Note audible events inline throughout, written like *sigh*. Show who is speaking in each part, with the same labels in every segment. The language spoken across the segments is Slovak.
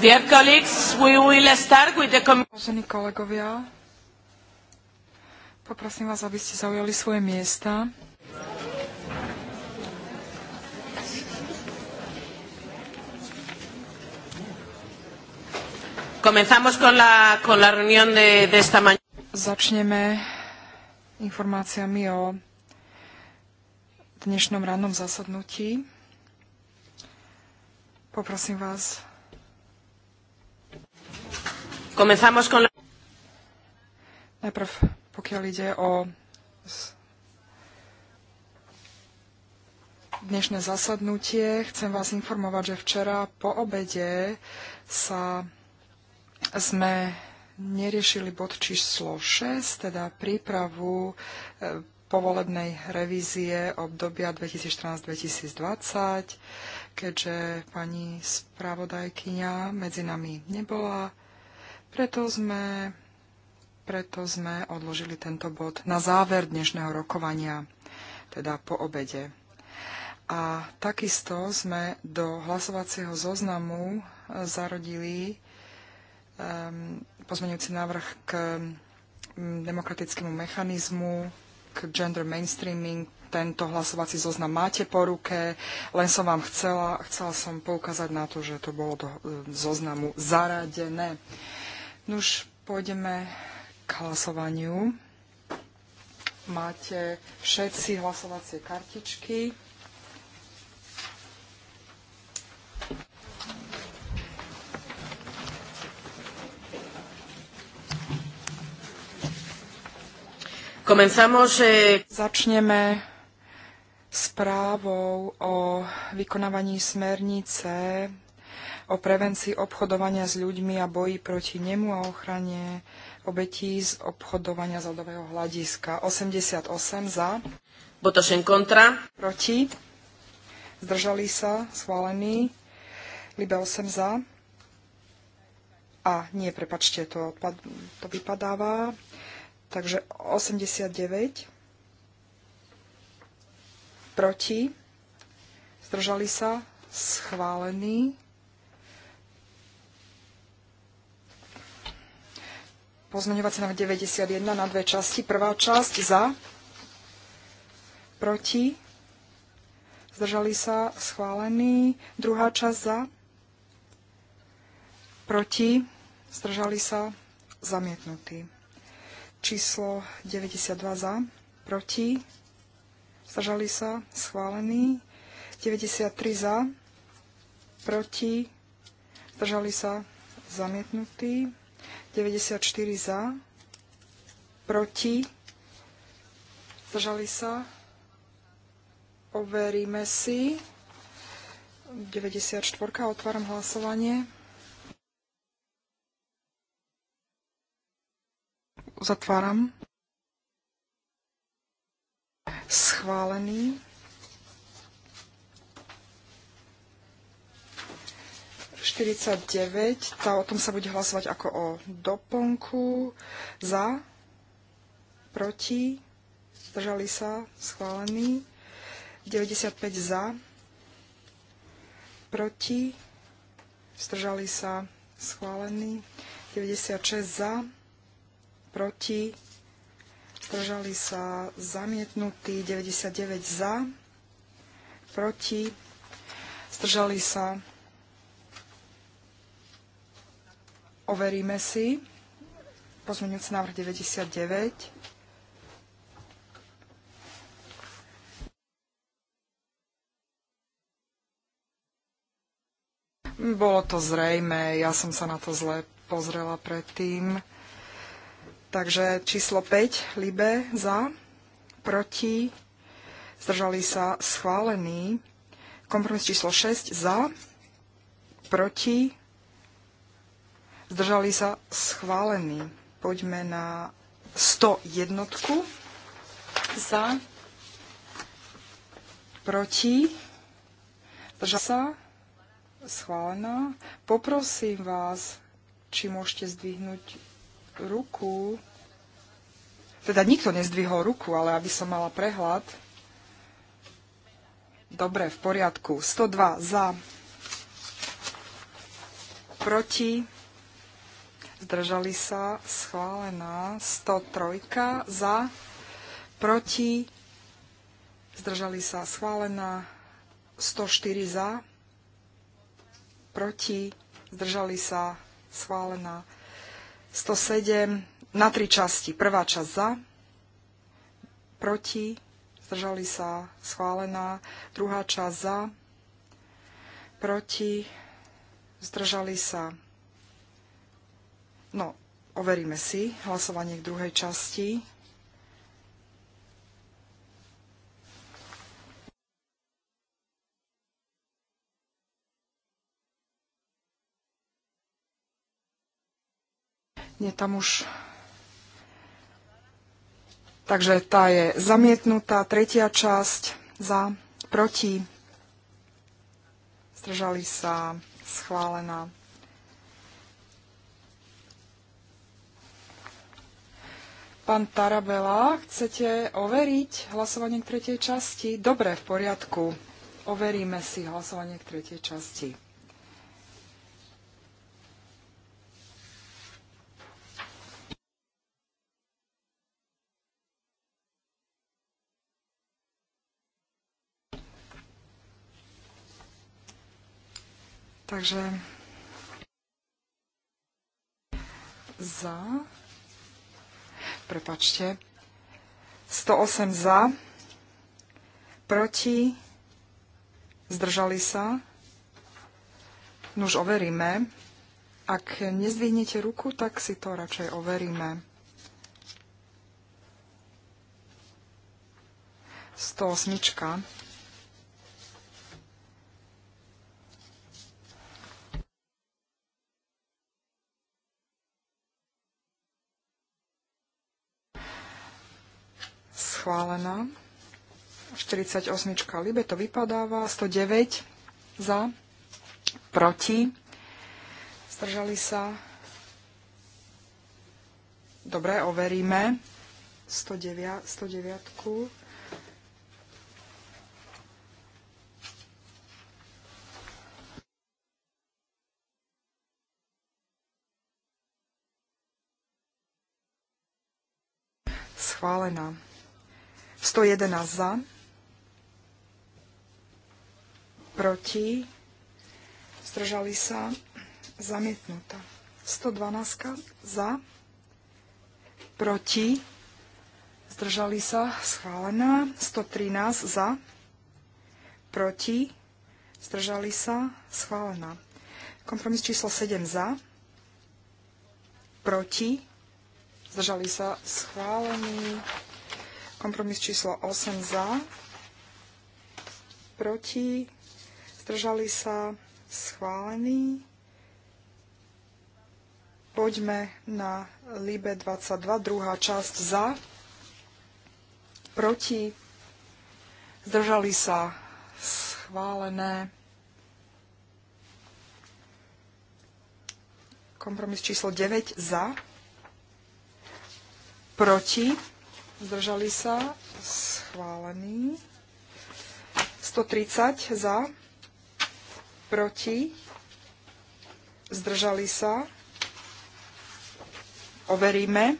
Speaker 1: Dear colleagues, we will start with the Vážení kolegovia,
Speaker 2: poprosím vás, aby ste zaujali svoje miesta.
Speaker 1: Comenzamos con la, con la reunión de, de esta mañana. Začneme informáciami o dnešnom
Speaker 2: rannom zasadnutí. Poprosím vás,
Speaker 1: Comenzamos con...
Speaker 2: Najprv, pokiaľ ide o dnešné zasadnutie, chcem vás informovať, že včera po obede sa sme neriešili bod číslo 6, teda prípravu e, povolebnej revízie obdobia 2014-2020, keďže pani spravodajkyňa medzi nami nebola. Preto sme, preto sme odložili tento bod na záver dnešného rokovania, teda po obede. A takisto sme do hlasovacieho zoznamu eh, zarodili um, pozmeňujúci návrh k mm, demokratickému mechanizmu, k gender mainstreaming. Tento hlasovací zoznam máte po ruke, len som vám chcela, chcela som poukázať na to, že to bolo do eh, zoznamu zaradené. Nuž, pôjdeme k hlasovaniu. Máte všetci hlasovacie kartičky.
Speaker 1: Eh, Začneme
Speaker 2: správou o vykonávaní smernice o prevencii obchodovania s ľuďmi a boji proti nemu a ochrane obetí z obchodovania z ľudového hľadiska. 88 za. Botošen kontra. Proti. Zdržali sa. Schválený. Libe 8 za. A nie, prepačte, to, to vypadáva. Takže 89 proti, zdržali sa, schválený. pozmeňovací návrh 91 na dve časti. Prvá časť za, proti, zdržali sa, schválený. Druhá časť za, proti, zdržali sa, zamietnutý. Číslo 92 za, proti, zdržali sa, schválený. 93 za, proti, zdržali sa, zamietnutý. 94 za, proti, zdržali sa, overíme si. 94, otváram hlasovanie. Zatváram. Schválený. 49, tá, o tom sa bude hlasovať ako o doplnku. Za, proti, zdržali sa, schválený. 95 za, proti, zdržali sa, schválený. 96 za, proti, zdržali sa, zamietnutý. 99 za, proti, zdržali sa, Overíme si. Pozmeňujúci návrh 99. Bolo to zrejme, ja som sa na to zle pozrela predtým. Takže číslo 5, Libe, za, proti, zdržali sa schválení, Kompromis číslo 6, za, proti, zdržali sa schválení. Poďme na 101 za, proti, zdržali sa schválená. Poprosím vás, či môžete zdvihnúť ruku. Teda nikto nezdvihol ruku, ale aby som mala prehľad. Dobre, v poriadku. 102 za, proti, zdržali sa, schválená. 103 za, proti, zdržali sa, schválená. 104 za, proti, zdržali sa, schválená. 107 na tri časti. Prvá časť za, proti, zdržali sa, schválená. Druhá časť za, proti, zdržali sa, No, overíme si hlasovanie k druhej časti. Nie, tam už... Takže tá je zamietnutá. Tretia časť za, proti. Zdržali sa schválená. Pán Tarabela, chcete overiť hlasovanie k tretej časti? Dobre, v poriadku. Overíme si hlasovanie k tretej časti. Takže za prepačte. 108 za, proti, zdržali sa. No už overíme. Ak nezdvihnete ruku, tak si to radšej overíme. 108. schválená. 48. Libe to vypadáva. 109 za, proti. Zdržali sa. Dobre, overíme. 109. 109. schválená. 111 za, proti, zdržali sa, zamietnutá. 112 za, proti, zdržali sa, schválená. 113 za, proti, zdržali sa, schválená. Kompromis číslo 7 za, proti, zdržali sa, schválený. Kompromis číslo 8 za, proti, zdržali sa, schválený. Poďme na Libe 22, druhá časť za, proti, zdržali sa, schválené. Kompromis číslo 9 za, proti, zdržali sa, schválený. 130 za, proti, zdržali sa, overíme.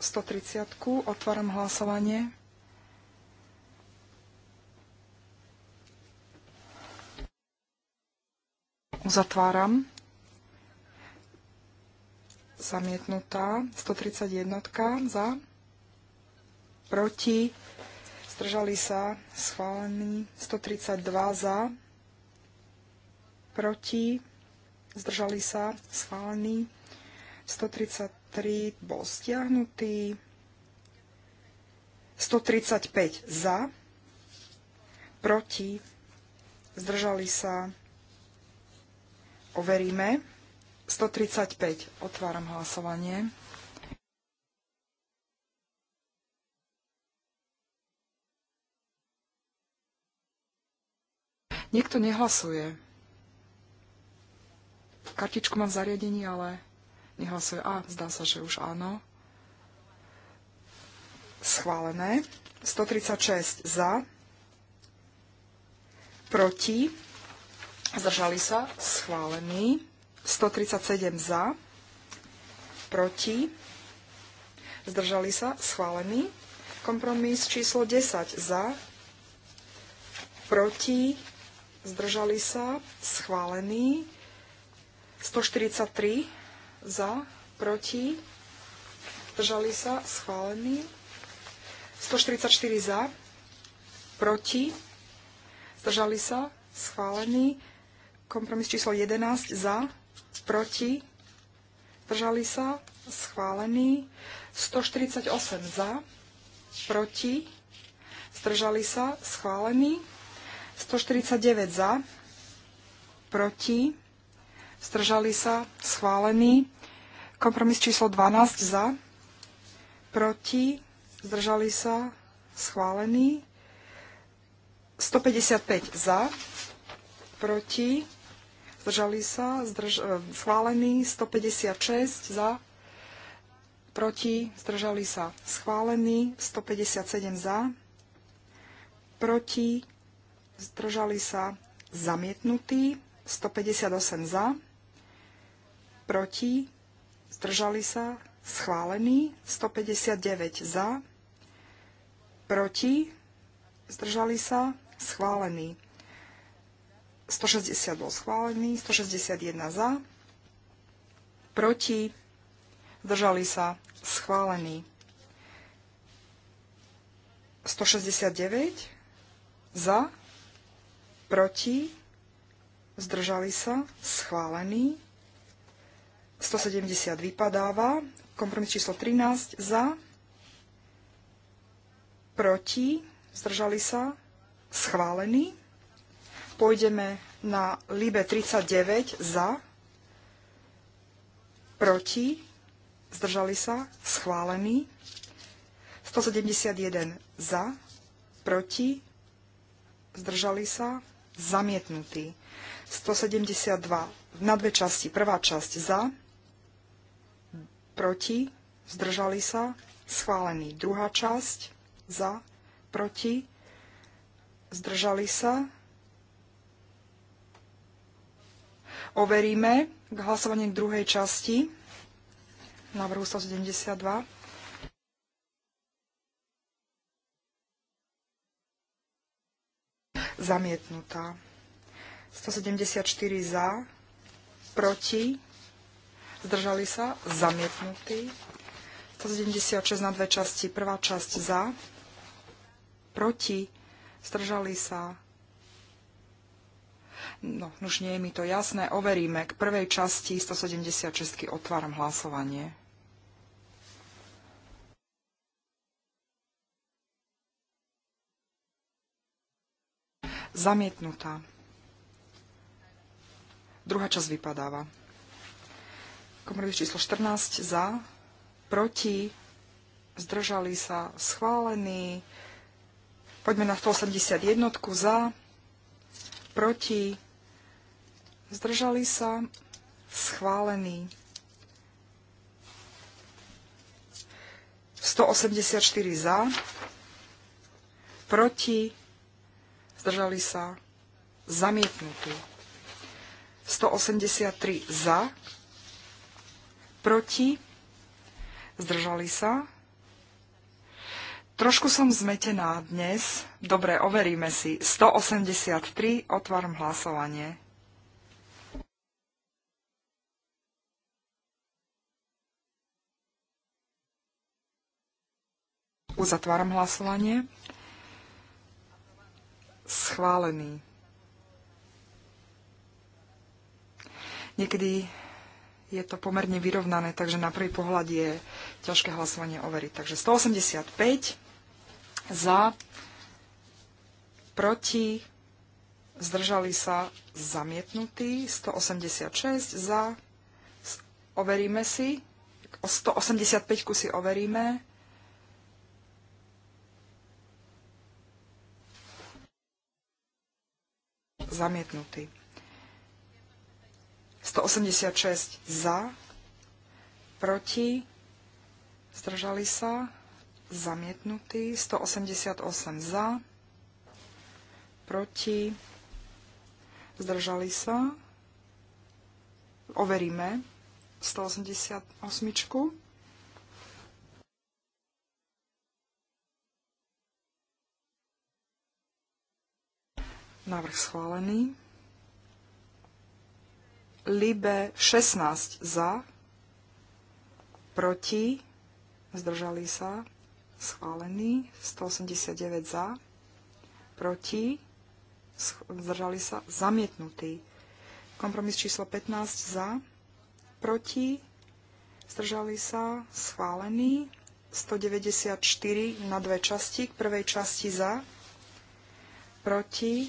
Speaker 2: 130, otváram hlasovanie. Uzatváram. Zamietnutá. 131 za proti, zdržali sa, schválený. 132 za, proti, zdržali sa, schválený. 133 bol stiahnutý. 135 za, proti, zdržali sa, overíme. 135, otváram hlasovanie. Niekto nehlasuje. Kartičku mám v zariadení, ale nehlasuje. A, zdá sa, že už áno. Schválené. 136 za. Proti. Zdržali sa. Schválený. 137 za. Proti. Zdržali sa. Schválený. Kompromis číslo 10 za. Proti zdržali sa, schválený. 143 za, proti, zdržali sa, schválený. 144 za, proti, zdržali sa, schválený. Kompromis číslo 11 za, proti, zdržali sa, schválený. 148 za, proti, zdržali sa, schválený. 149 za, proti, zdržali sa, schválený. Kompromis číslo 12 za, proti, zdržali sa, schválený. 155 za, proti, zdržali sa, zdrž, e, schválený. 156 za, proti, zdržali sa, schválený. 157 za, proti, zdržali sa zamietnutí, 158 za, proti, zdržali sa schválený, 159 za, proti, zdržali sa schválení. 160 bol schválený, 161 za, proti, zdržali sa schválený. 169 za, proti, zdržali sa, schválený. 170 vypadáva, kompromis číslo 13 za, proti, zdržali sa, schválený. Pôjdeme na Libe 39 za, proti, zdržali sa, schválený. 171 za, proti, zdržali sa, zamietnutý. 172 na dve časti. Prvá časť za, proti, zdržali sa, schválený. Druhá časť za, proti, zdržali sa. Overíme k hlasovaniu druhej časti návrhu 172. zamietnutá. 174 za, proti, zdržali sa, zamietnutí. 176 na dve časti, prvá časť za, proti, zdržali sa. No, už nie je mi to jasné, overíme. K prvej časti 176 otváram hlasovanie. Zamietnutá. Druhá časť vypadáva. Kompromis číslo 14 za, proti, zdržali sa, schválený. Poďme na 181 za, proti, zdržali sa, schválený. 184 za, proti, zdržali sa, zamietnutí. 183 za, proti, zdržali sa. Trošku som zmetená dnes. Dobre, overíme si. 183, otváram hlasovanie. Uzatváram hlasovanie schválený. Niekedy je to pomerne vyrovnané, takže na prvý pohľad je ťažké hlasovanie overiť. Takže 185 za, proti, zdržali sa zamietnutí, 186 za, overíme si, 185 kusy overíme, zamietnutý. 186 za, proti, zdržali sa, zamietnutý. 188 za, proti, zdržali sa. Overíme 188. Návrh schválený. Libe 16 za, proti, zdržali sa, schválený, 189 za, proti, zdržali sa, zamietnutý. Kompromis číslo 15 za, proti, zdržali sa, schválený, 194 na dve časti, k prvej časti za, proti,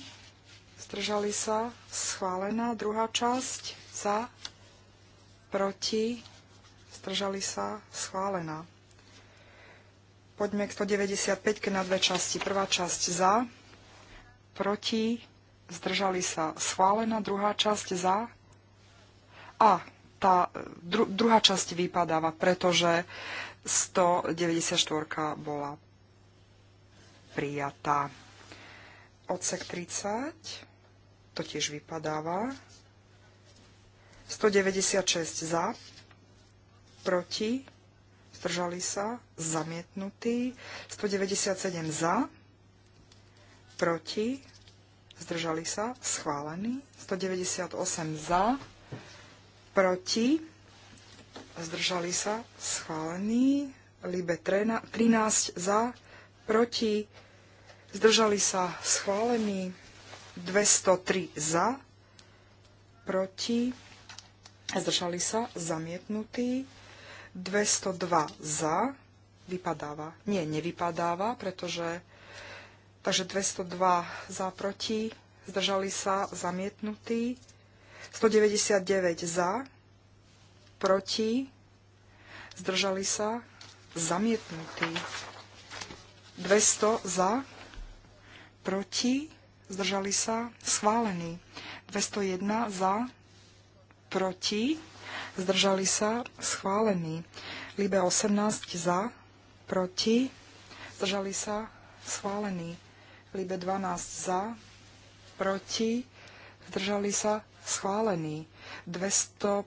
Speaker 2: zdržali sa, schválená. Druhá časť, za, proti, zdržali sa, schválená. Poďme k 195 na dve časti. Prvá časť za, proti, zdržali sa, schválená. Druhá časť za a tá dru, druhá časť vypadáva, pretože 194 bola prijatá. Odsek 30 to tiež vypadáva. 196 za, proti, zdržali sa, zamietnutý. 197 za, proti, zdržali sa, schválený. 198 za, proti, zdržali sa, schválený. Libe 13 za, proti, zdržali sa, schválený. 203 za, proti, zdržali sa, zamietnutí, 202 za, vypadáva, nie, nevypadáva, pretože, takže 202 za, proti, zdržali sa, zamietnutí, 199 za, proti, zdržali sa, zamietnutí, 200 za, proti, zdržali sa, schválený. 201 za, proti, zdržali sa, schválený. Libe 18 za, proti, zdržali sa, schválený. Libe 12 za, proti, zdržali sa, schválený. 205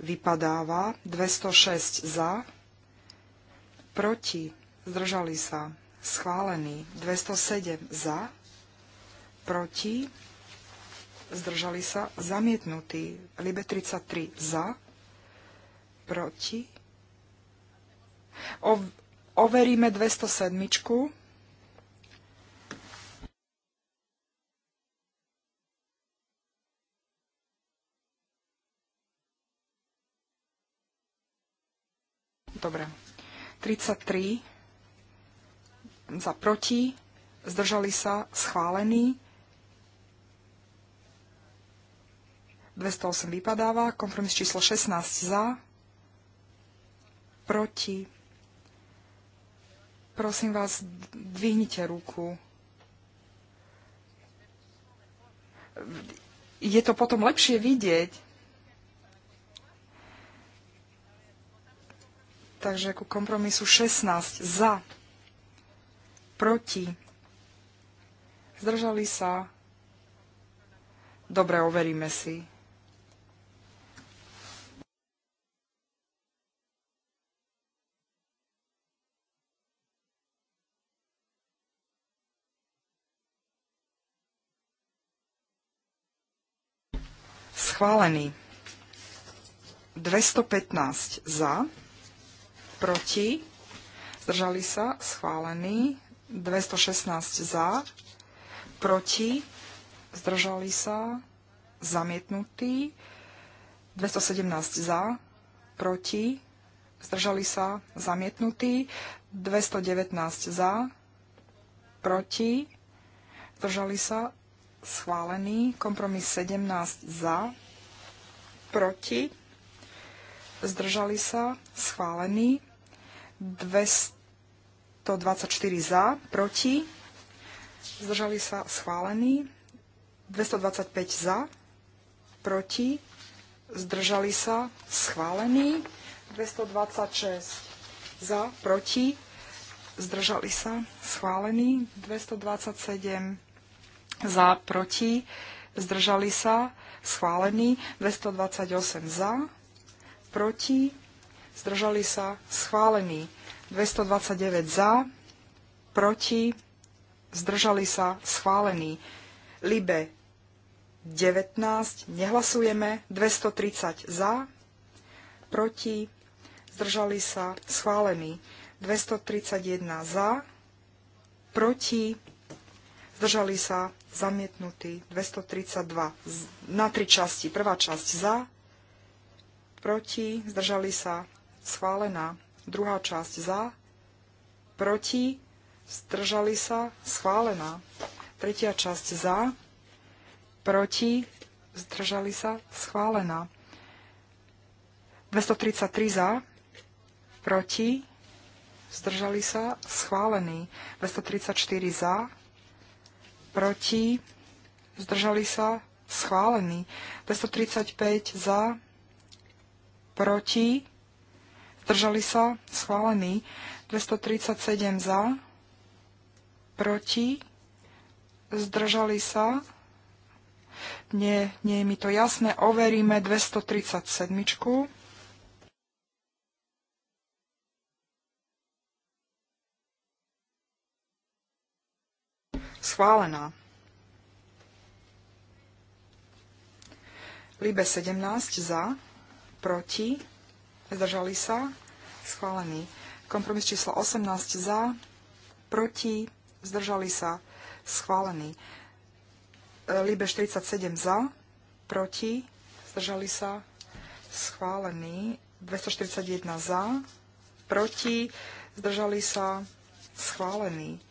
Speaker 2: vypadáva, 206 za, proti, zdržali sa, schválený. 207 za, proti, zdržali sa, zamietnutý. Libe 33 za, proti. O, overíme 207. Dobre. 33 za proti, zdržali sa, schválený. 208 vypadáva. Kompromis číslo 16 za. Proti. Prosím vás, dvihnite ruku. Je to potom lepšie vidieť. Takže ku kompromisu 16 za, proti, zdržali sa. Dobre, overíme si. schválený. 215 za, proti, zdržali sa, schválený. 216 za, proti, zdržali sa, zamietnutý. 217 za, proti, zdržali sa, zamietnutý. 219 za, proti, zdržali sa, schválený. Kompromis 17 za, proti, zdržali sa, schválený, 224 za, proti, zdržali sa, schválený, 225 za, proti, zdržali sa, schválený, 226 za, proti, zdržali sa, schválený, 227 za, proti, zdržali sa, schválený, schválený, 228 za, proti, zdržali sa, schválený, 229 za, proti, zdržali sa, schválený, Libe 19, nehlasujeme, 230 za, proti, zdržali sa, schválený, 231 za, proti, zdržali sa, zamietnutý 232 na tri časti. Prvá časť za, proti, zdržali sa, schválená. Druhá časť za, proti, zdržali sa, schválená. Tretia časť za, proti, zdržali sa, schválená. 233 za, proti, zdržali sa, schválený. 234 za, proti, zdržali sa, schválený. 235 za, proti, zdržali sa, schválený. 237 za, proti, zdržali sa, nie, nie je mi to jasné, overíme 237. Schválená. Líbe 17 za, proti, zdržali sa, schválený. Kompromis číslo 18 za, proti, zdržali sa, schválený. E, Líbe 47 za, proti, zdržali sa, schválený. 241 za, proti, zdržali sa, schválený.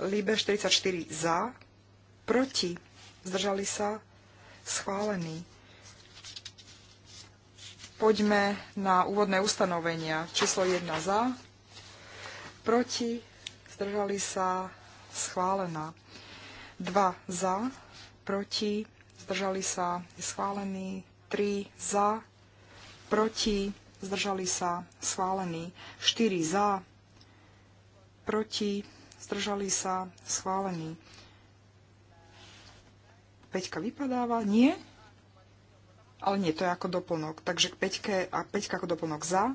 Speaker 2: Libe 44 za, proti, zdržali sa, schválený. Poďme na úvodné ustanovenia. Číslo 1 za, proti, zdržali sa, schválená. 2 za, proti, zdržali sa, schválený. 3 za, proti, zdržali sa, schválený. 4 za, proti, zdržali sa, schválený. Peťka vypadáva, nie? Ale nie, to je ako doplnok. Takže k peťke a peťka ako doplnok za, e,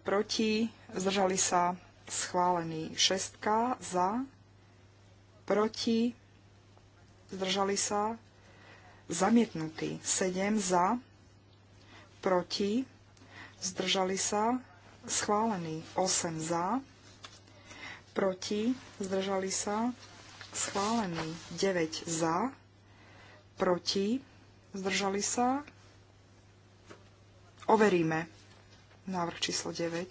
Speaker 2: proti, zdržali sa, schválený. Šestka za, proti, zdržali sa, zamietnutý. Sedem za, proti, zdržali sa, schválený. 8 za, proti, zdržali sa, schválený 9 za, proti, zdržali sa, overíme návrh číslo 9.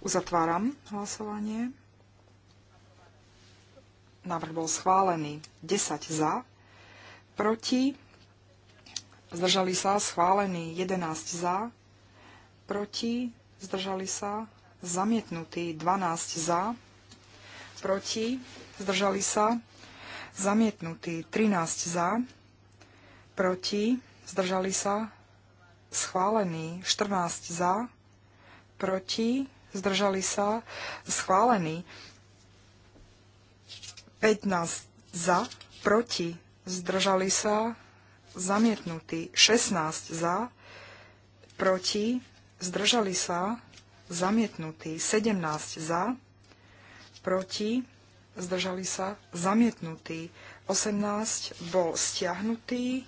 Speaker 2: Uzatváram hlasovanie. Návrh bol schválený. 10 za, proti, zdržali sa, schválený 11 za, proti, zdržali sa, zamietnutý 12 za, proti, zdržali sa, zamietnutý 13 za, proti, zdržali sa, schválený 14 za, proti, zdržali sa, schválený 15 za, proti, zdržali sa, zamietnutý. 16 za, proti, zdržali sa, zamietnutý. 17 za, proti, zdržali sa, zamietnutý. 18 bol stiahnutý.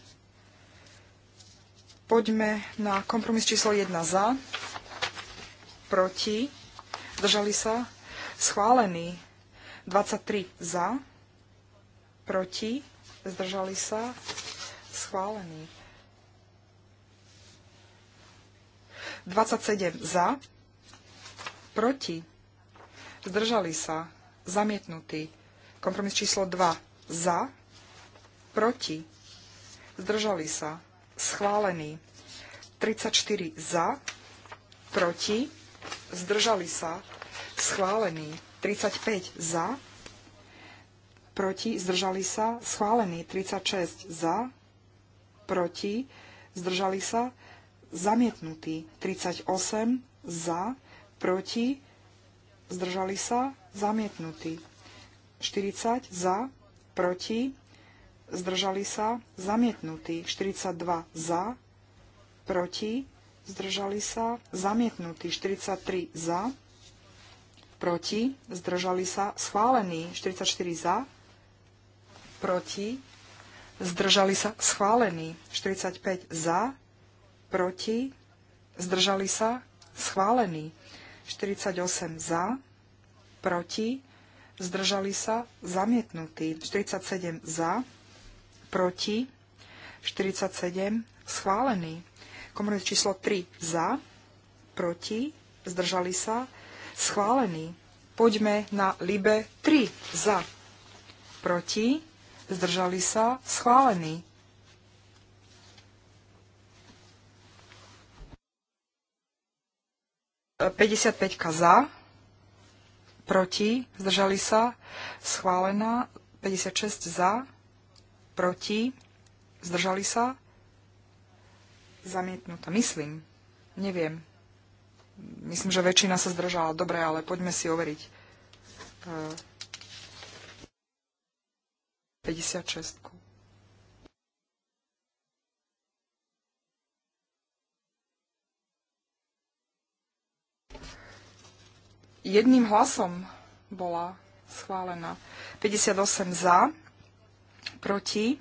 Speaker 2: Poďme na kompromis číslo 1 za, proti, zdržali sa, schválený. 23 za, proti, zdržali sa, schválený. 27 za, proti, zdržali sa, zamietnutý. Kompromis číslo 2 za, proti, zdržali sa, schválený. 34 za, proti, zdržali sa, schválený. 35 za, proti, zdržali sa, schválený 36 za, proti, zdržali sa, zamietnutý 38 za, proti, zdržali sa, zamietnutý 40 za, proti, zdržali sa, zamietnutý 42 za, proti, zdržali sa, zamietnutý 43 za, proti, zdržali sa, schválený 44 za, proti, zdržali sa schválení. 45 za, proti, zdržali sa schválení. 48 za, proti, zdržali sa zamietnutí. 47 za, proti, 47 schválení. Komunit číslo 3 za, proti, zdržali sa schválení Poďme na Libe 3 za, proti, zdržali sa, schválený. E, 55 za, proti, zdržali sa, schválená, 56 za, proti, zdržali sa, zamietnutá, myslím, neviem. Myslím, že väčšina sa zdržala. Dobre, ale poďme si overiť. E, 56. Jedným hlasom bola schválená. 58 za, proti, e,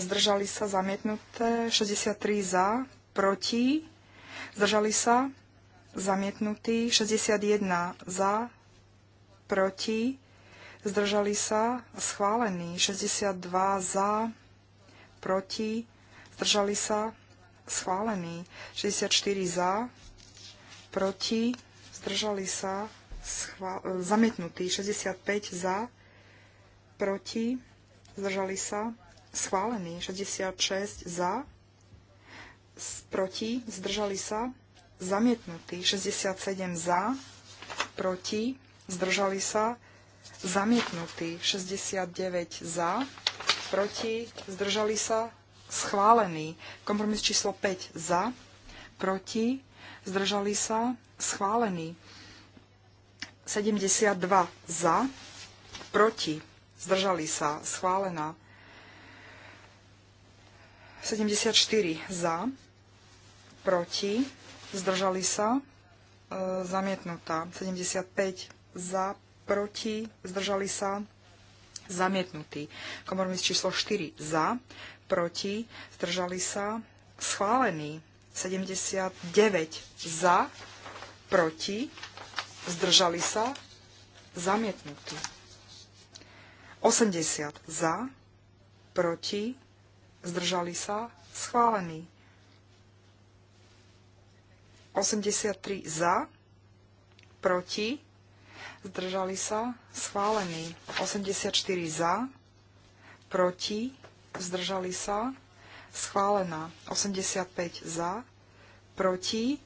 Speaker 2: zdržali sa zamietnuté, 63 za, proti, zdržali sa zamietnutí, 61 za, proti, zdržali sa, schválený. 62 za, proti, zdržali sa, schválený. 64 za, proti, zdržali sa, schvál- e, zamietnutý. 65 za, proti, zdržali sa, schválený. 66 za, proti, zdržali sa, zamietnutý. 67 za, proti, zdržali sa, zamietnutý, 69 za, proti, zdržali sa, schválený. Kompromis číslo 5 za, proti, zdržali sa, schválený. 72 za, proti, zdržali sa, schválená. 74 za, proti, zdržali sa, e, zamietnutá. 75 za, proti, zdržali sa, zamietnutý. Kompromis číslo 4 za, proti, zdržali sa, schválený. 79 za, proti, zdržali sa, zamietnutý. 80 za, proti, zdržali sa, schválený. 83 za, proti, zdržali sa, schválený. 84 za, proti, zdržali sa, schválená. 85 za, proti,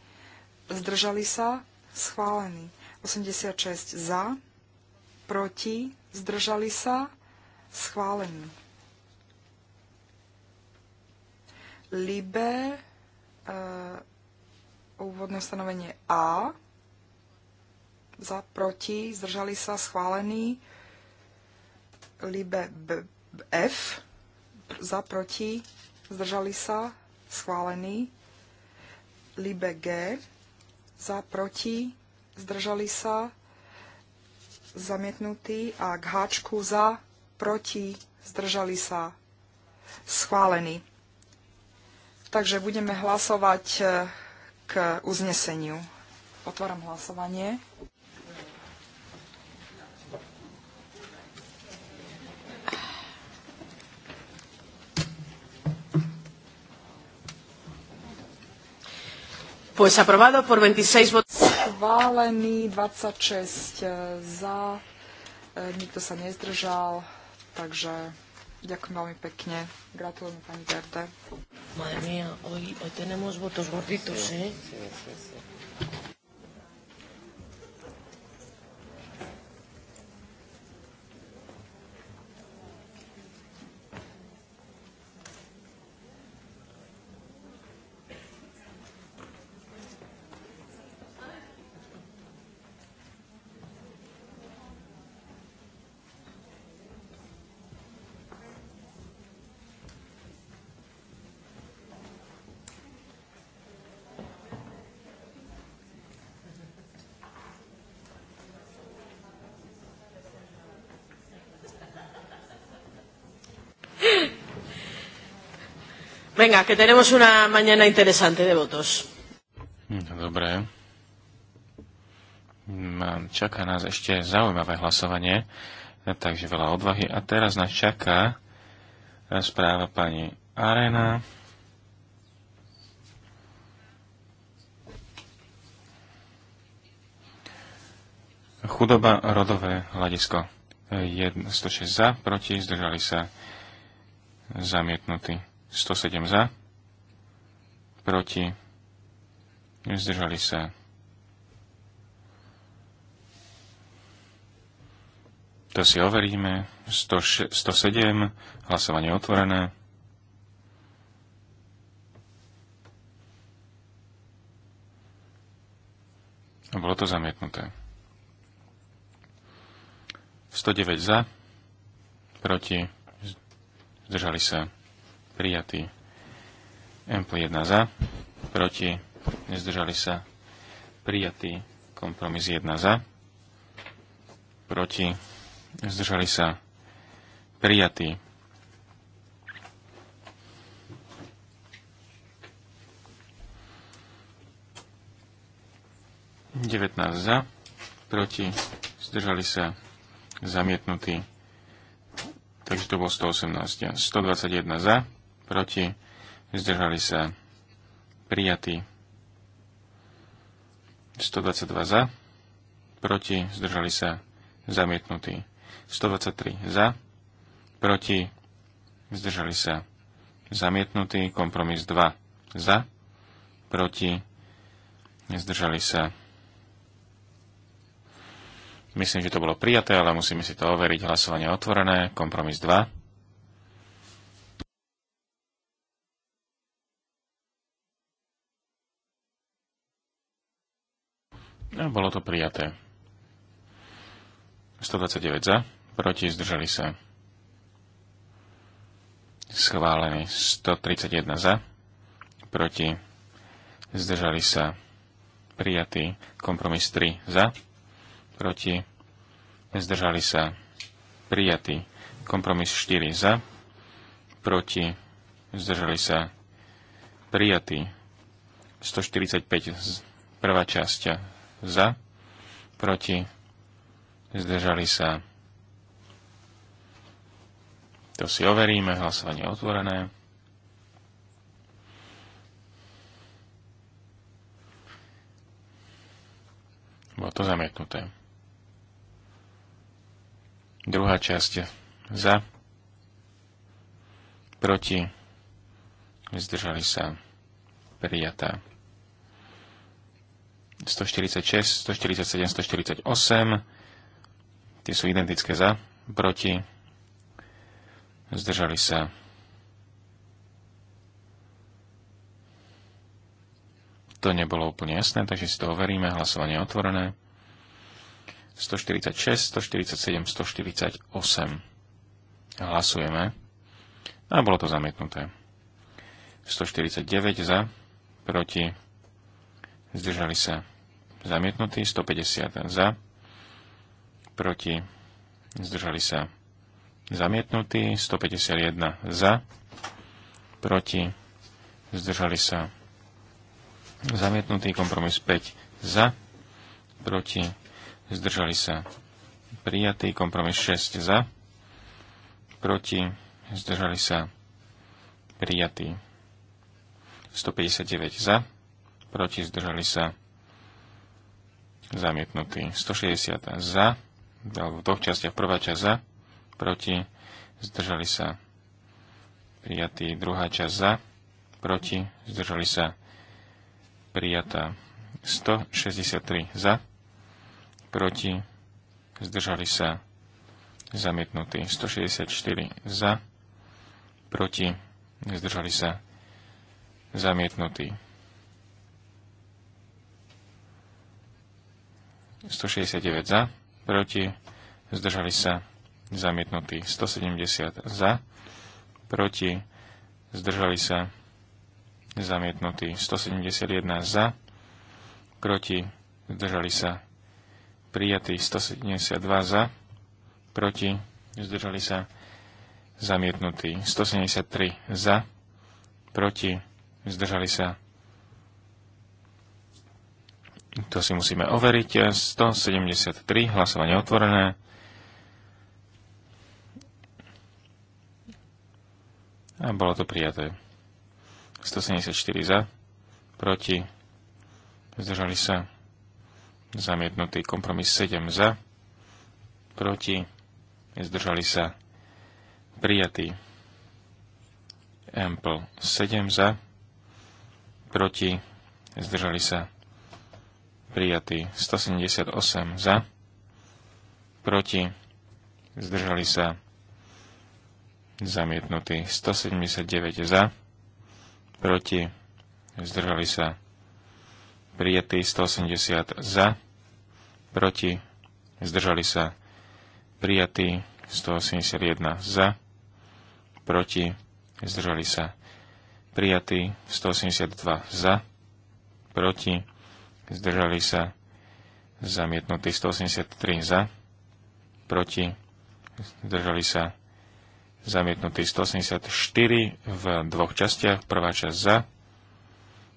Speaker 2: zdržali sa, schválený. 86 za, proti, zdržali sa, schválený. Libe, e, úvodné stanovenie A, za, proti, zdržali sa, schválený. Libe B, F, za, proti, zdržali sa, schválený. Libe G, za, proti, zdržali sa, zamietnutý. A k háčku za, proti, zdržali sa, schválený. Takže budeme hlasovať eh, k uzneseniu. Otváram hlasovanie.
Speaker 1: Pues aprobado por 26 votos. Schválený 26
Speaker 2: eh, za, eh, nikto sa nezdržal, takže ďakujem veľmi pekne. Gratulujem pani Verde. Madre mía, hoy, hoy tenemos votos
Speaker 1: gorditos, ¿eh? Sí, sí, sí. Venga, que tenemos una mañana interesante de votos.
Speaker 3: Dobre. Čaká nás ešte zaujímavé hlasovanie, takže veľa odvahy. A teraz nás čaká správa pani Arena. Chudoba, rodové hľadisko. 106 za, proti, zdržali sa zamietnutí. 107 za, proti, zdržali sa. To si overíme. 107, hlasovanie otvorené. A bolo to zamietnuté. 109 za, proti, zdržali sa prijatý. MP1 za, proti, nezdržali sa, prijatý. Kompromis 1 za, proti, zdržali sa, prijatý. Devetnáct za, proti, zdržali sa, zamietnutý. Takže to bol 118. 121 za, proti, zdržali sa prijatí. 122 za, proti, zdržali sa zamietnutí. 123 za, proti, zdržali sa zamietnutí. Kompromis 2 za, proti, zdržali sa Myslím, že to bolo prijaté, ale musíme si to overiť. Hlasovanie otvorené. Kompromis 2. A bolo to prijaté. 129 za, proti, zdržali sa. Schválený 131 za, proti, zdržali sa. Prijatý kompromis 3 za, proti, zdržali sa. Prijatý kompromis 4 za, proti, zdržali sa. Prijatý 145 prvá časť za, proti, zdržali sa. To si overíme, hlasovanie otvorené. Bolo to zamietnuté. Druhá časť za, proti, zdržali sa, prijatá. 146, 147, 148. Tie sú identické za, proti. Zdržali sa. To nebolo úplne jasné, takže si to overíme. Hlasovanie je otvorené. 146, 147, 148. Hlasujeme. A bolo to zamietnuté. 149 za, proti, zdržali sa zamietnutý, 150 za, proti, zdržali sa zamietnutý, 151 za, proti, zdržali sa zamietnutý, kompromis 5 za, proti, zdržali sa prijatý, kompromis 6 za, proti, zdržali sa prijatý, 159 za, proti, zdržali sa zamietnutý. 160 za, alebo v dvoch častiach, prvá časť za, proti, zdržali sa prijatý, druhá časť za, proti, zdržali sa prijatá 163 za, proti, zdržali sa zamietnutí 164 za, proti, zdržali sa zamietnutí 169 za, proti, zdržali sa zamietnutí 170 za, proti, zdržali sa zamietnutí 171 za, proti, zdržali sa prijatí 172 za, proti, zdržali sa zamietnutí 173 za, proti, zdržali sa to si musíme overiť. 173, hlasovanie otvorené. A bolo to prijaté. 174 za, proti, zdržali sa, zamietnutý kompromis 7 za, proti, zdržali sa, prijatý. Ample 7 za, proti, zdržali sa, prijatý 178 za, proti, zdržali sa, zamietnutý 179 za, proti, zdržali sa, prijatý 180 za, proti, zdržali sa, prijatý 181 za, proti, zdržali sa, prijatý 182 za, proti, zdržali sa zamietnutí 183 za, proti, zdržali sa zamietnutí 184 v dvoch častiach, prvá časť za,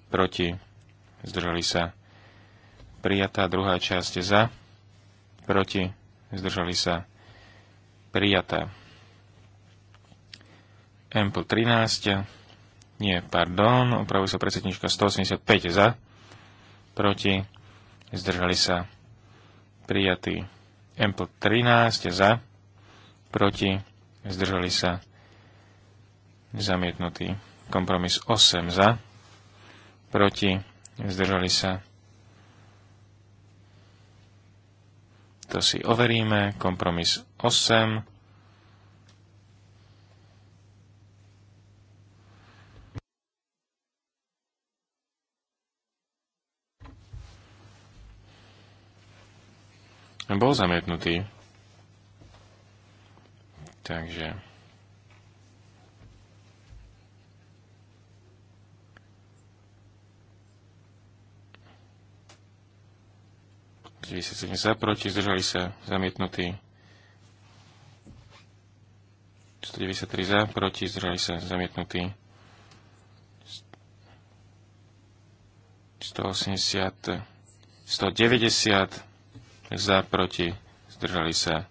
Speaker 3: proti, zdržali sa prijatá, druhá časť za, proti, zdržali sa prijatá. MP13, nie, pardon, opravuje sa predsednička 185 za, proti, zdržali sa prijatí. mp 13 za, proti, zdržali sa zamietnutí. Kompromis 8 za, proti, zdržali sa. To si overíme. Kompromis 8. bol zamietnutý. Takže... za proti, zdržali sa zamietnutí. 193 za, proti, zdržali sa zamietnutí. 180, 190, za, proti, zdržali sa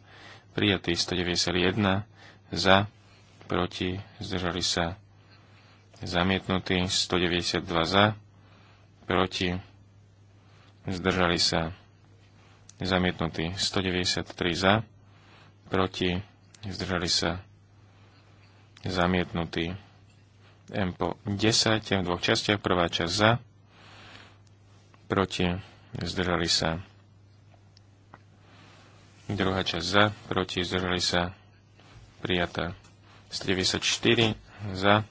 Speaker 3: prijatí 191, za, proti, zdržali sa zamietnutí 192 za, proti, zdržali sa zamietnutí 193 za, proti, zdržali sa zamietnutí MPO 10 v dvoch častiach, prvá časť za, proti, zdržali sa Druhá časť za, proti, zdržali sa, prijatá. 194 za,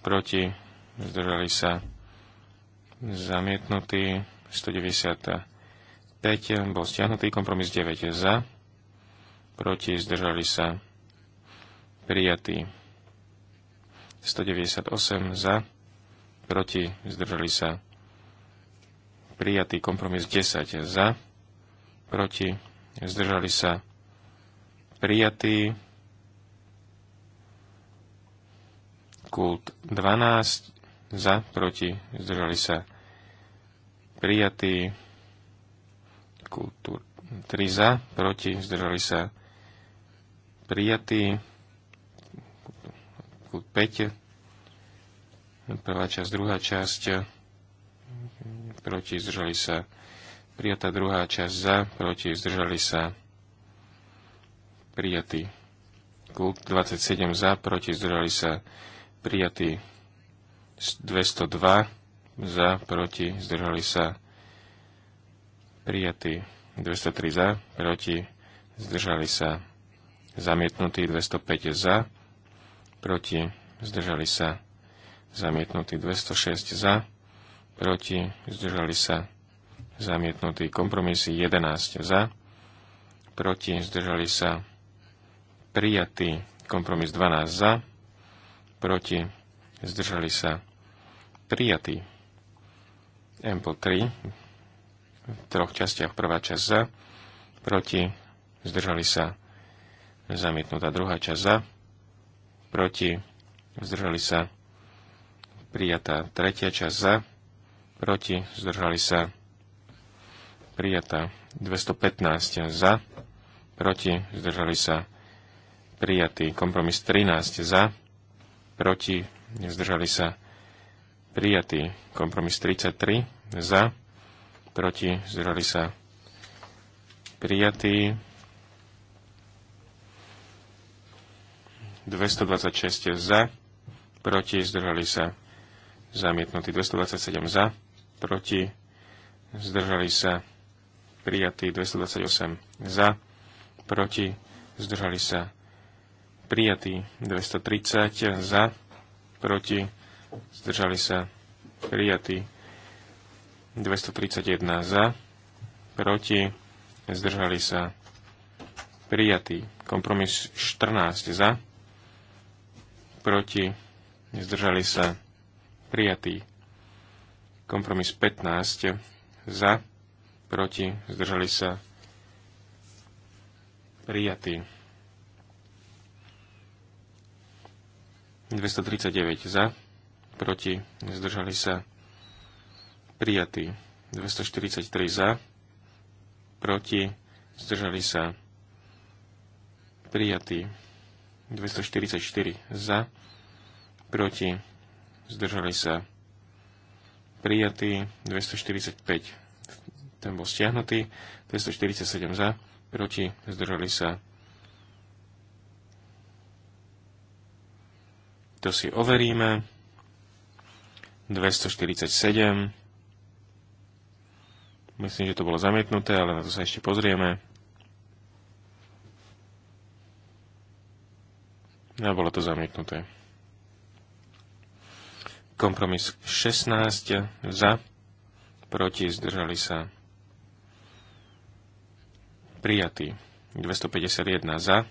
Speaker 3: proti, zdržali sa, zamietnutý. 195 bol stiahnutý, kompromis 9 za, proti, zdržali sa, prijatý. 198 za, proti, zdržali sa, prijatý kompromis 10 za, proti, zdržali sa prijatí. Kult 12 za, proti, zdržali sa prijatí. Kult 3 za, proti, zdržali sa prijatí. Kult 5, prvá časť, druhá časť, proti, zdržali sa prijatí Prijatá druhá časť za, proti, zdržali sa. Prijatý. Kult 27 za, proti, zdržali sa. Prijatý. 202 za, proti, zdržali sa. Prijatý. 203 za, proti, zdržali sa. Zamietnutý 205 za, proti, zdržali sa. Zamietnutý 206 za, proti, zdržali sa zamietnutý. Kompromisy 11 za, proti, zdržali sa, prijatý. Kompromis 12 za, proti, zdržali sa, prijatý. Ample 3 v troch častiach prvá časť za, proti, zdržali sa, zamietnutá druhá časť za, proti, zdržali sa, prijatá tretia časť za, proti, zdržali sa, prijatá. 215 za, proti, zdržali sa prijatý. Kompromis 13 za, proti, zdržali sa prijatý. Kompromis 33 za, proti, zdržali sa prijatý. 226 za, proti, zdržali sa zamietnutí. 227 za, proti, zdržali sa prijatý 228 za, proti, zdržali sa prijatý 230 za, proti, zdržali sa prijatý 231 za, proti, zdržali sa prijatý kompromis 14 za, proti, zdržali sa prijatý kompromis 15 za, proti, zdržali sa prijatí. 239 za, proti, zdržali sa prijatí. 243 za, proti, zdržali sa prijatí. 244 za, proti, zdržali sa prijatí. 245 ten bol stiahnutý, 247 za, proti, zdržali sa. To si overíme. 247. Myslím, že to bolo zamietnuté, ale na to sa ešte pozrieme. A bolo to zamietnuté. Kompromis 16 za, proti zdržali sa prijatý. 251 za,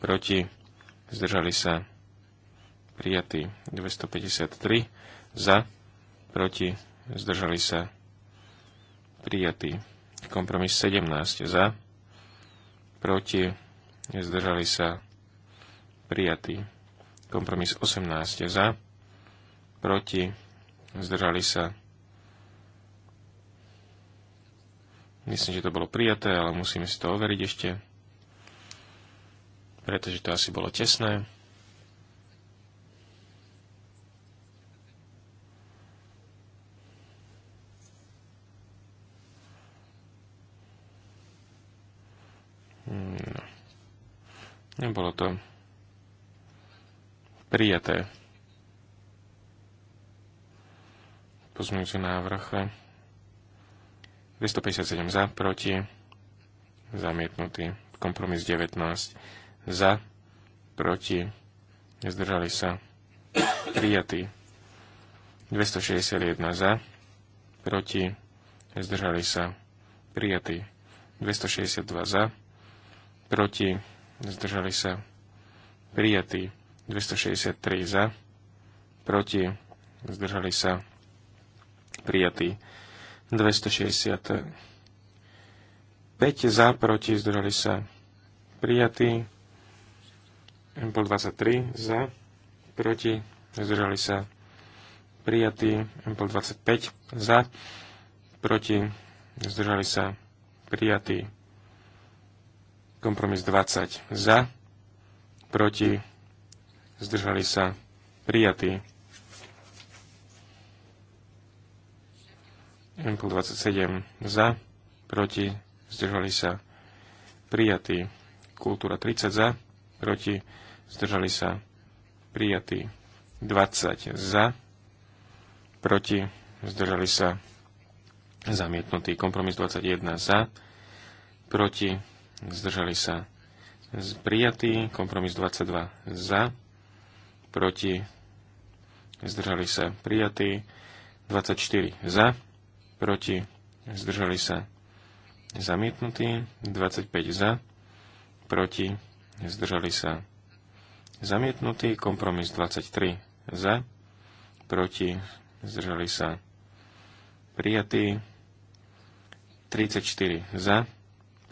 Speaker 3: proti, zdržali sa, prijatý. 253 za, proti, zdržali sa, prijatý. Kompromis 17 za, proti, zdržali sa, prijatý. Kompromis 18 za, proti, zdržali sa, prijatý Myslím, že to bolo prijaté, ale musíme si to overiť ešte, pretože to asi bolo tesné. No. Nebolo to prijaté. Pozmeňujúci návrh 257 za, proti, zamietnutý. Kompromis 19 za, proti, nezdržali sa, prijatý. 261 za, proti, zdržali sa, prijatý. 262 za, proti, zdržali sa, prijatý. 263 za, proti, zdržali sa, prijatý. 260 5 za, proti, zdržali sa prijatí. Bol 23 za, proti, zdržali sa prijatí. Bol 25 za, proti, zdržali sa prijatí. Kompromis 20 za, proti, zdržali sa prijatí. m 27 za, proti, zdržali sa prijatí. Kultúra 30 za, proti, zdržali sa prijatí. 20 za, proti, zdržali sa zamietnutý. Kompromis 21 za, proti, zdržali sa prijatí. Kompromis 22 za, proti, zdržali sa prijatí. 24 za, proti, zdržali sa zamietnutí, 25 za, proti, zdržali sa zamietnutí, kompromis 23 za, proti, zdržali sa prijatí, 34 za,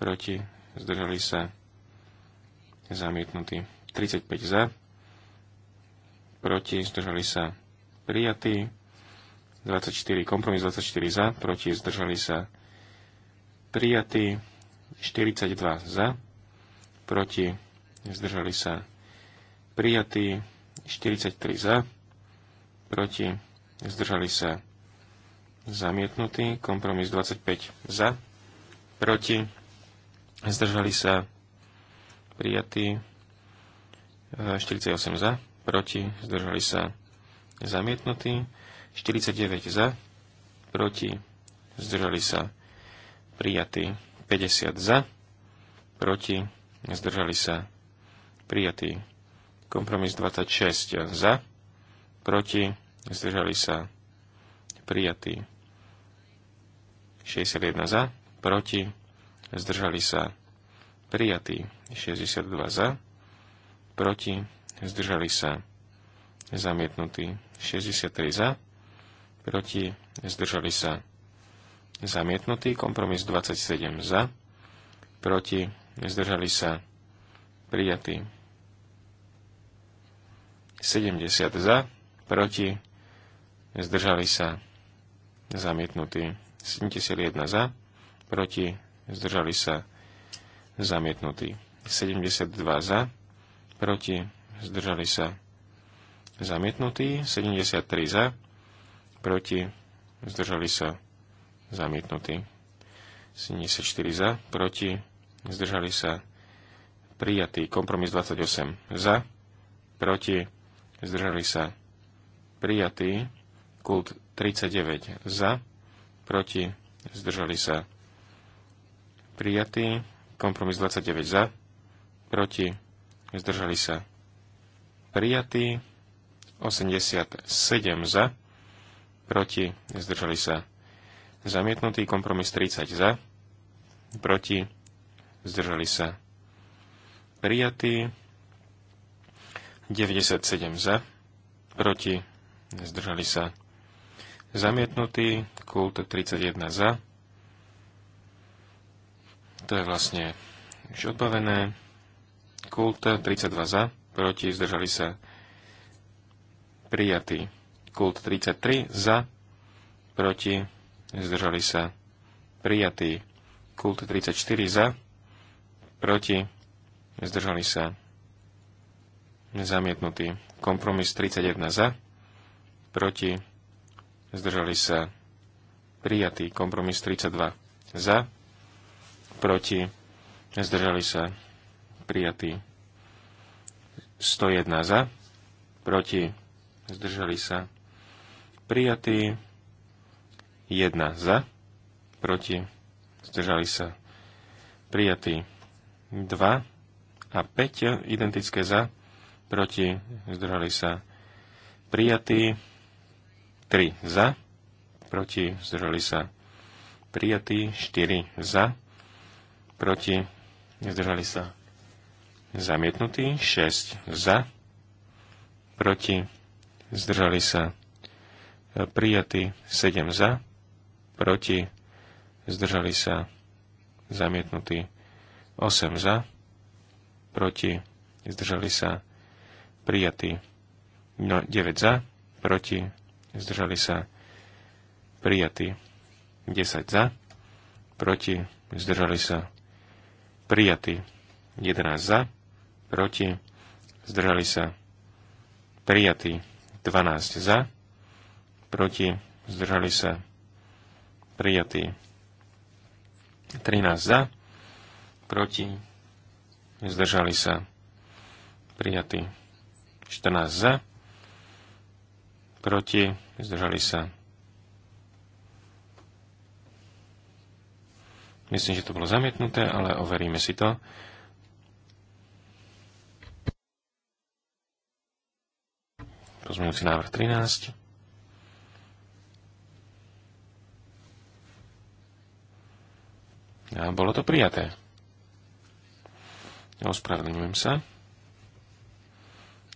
Speaker 3: proti, zdržali sa zamietnutí, 35 za, proti, zdržali sa prijatí, 24, kompromis 24 za, proti zdržali sa prijatí, 42 za, proti zdržali sa prijatí, 43 za, proti zdržali sa zamietnutí, kompromis 25 za, proti zdržali sa prijatí, 48 e, za, proti zdržali sa zamietnutí, 49 za, proti, zdržali sa prijatí 50 za, proti, zdržali sa prijatí. Kompromis 26 za, proti, zdržali sa prijatí. 61 za, proti, zdržali sa prijatí. 62 za, proti, zdržali sa zamietnutí. 63 za, proti, zdržali sa zamietnutý, kompromis 27 za, proti, zdržali sa prijatý 70 za, proti, zdržali sa zamietnutý 71 za, proti, zdržali sa zamietnutý 72 za, proti, zdržali sa zamietnutý 73 za, proti, zdržali sa zamietnutí. 74 za, proti, zdržali sa prijatý. Kompromis 28 za, proti, zdržali sa prijatý. Kult 39 za, proti, zdržali sa prijatý. Kompromis 29 za, proti, zdržali sa prijatý. 87 za, proti, zdržali sa. Zamietnutý kompromis 30 za, proti, zdržali sa. Prijatý 97 za, proti, zdržali sa. Zamietnutý kult 31 za. To je vlastne už odbavené. Kult 32 za, proti, zdržali sa. Prijatý Kult 33 za, proti, zdržali sa prijatí. Kult 34 za, proti, zdržali sa zamietnutí. Kompromis 31 za, proti, zdržali sa prijatý kompromis 32 za, proti, zdržali sa prijatý 101 za, proti, zdržali sa prijatý. 1 za, proti, zdržali sa prijatý. 2 a 5 identické za, proti, zdržali sa prijatý. 3 za, proti, zdržali sa prijatý. 4 za, proti, zdržali sa zamietnutý. 6 za, proti, zdržali sa prijatý prijatý 7 za, proti, zdržali sa, zamietnutý 8 za, proti, zdržali sa, prijatý 9 no, za, proti, zdržali sa, prijatý 10 za, proti, zdržali sa, prijatý 11 za, proti, zdržali sa, prijatý 12 za, proti, zdržali sa prijatí. 13 za, proti, zdržali sa prijatí. 14 za, proti, zdržali sa. Myslím, že to bolo zamietnuté, ale overíme si to. Pozmeňujúci návrh 13. A bolo to prijaté. Ospravedlňujem sa.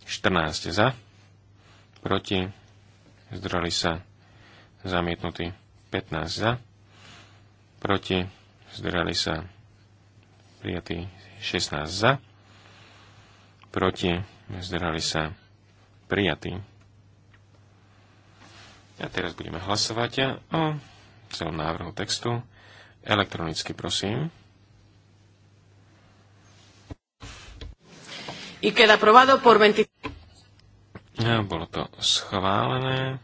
Speaker 3: 14 za, proti, Zdrali sa, zamietnutí 15 za, proti, Zdrali sa, prijatí 16 za, proti, Zdrali sa, prijatí. A teraz budeme hlasovať o celom návrhu textu Elektronicky, prosím.
Speaker 1: I queda aprobado por 20...
Speaker 3: Ja, bolo to schválené.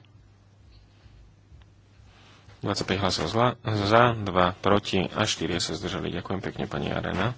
Speaker 3: 25 hlasov za, 2 proti a 4 sa zdržali. Ďakujem pekne, pani Arena.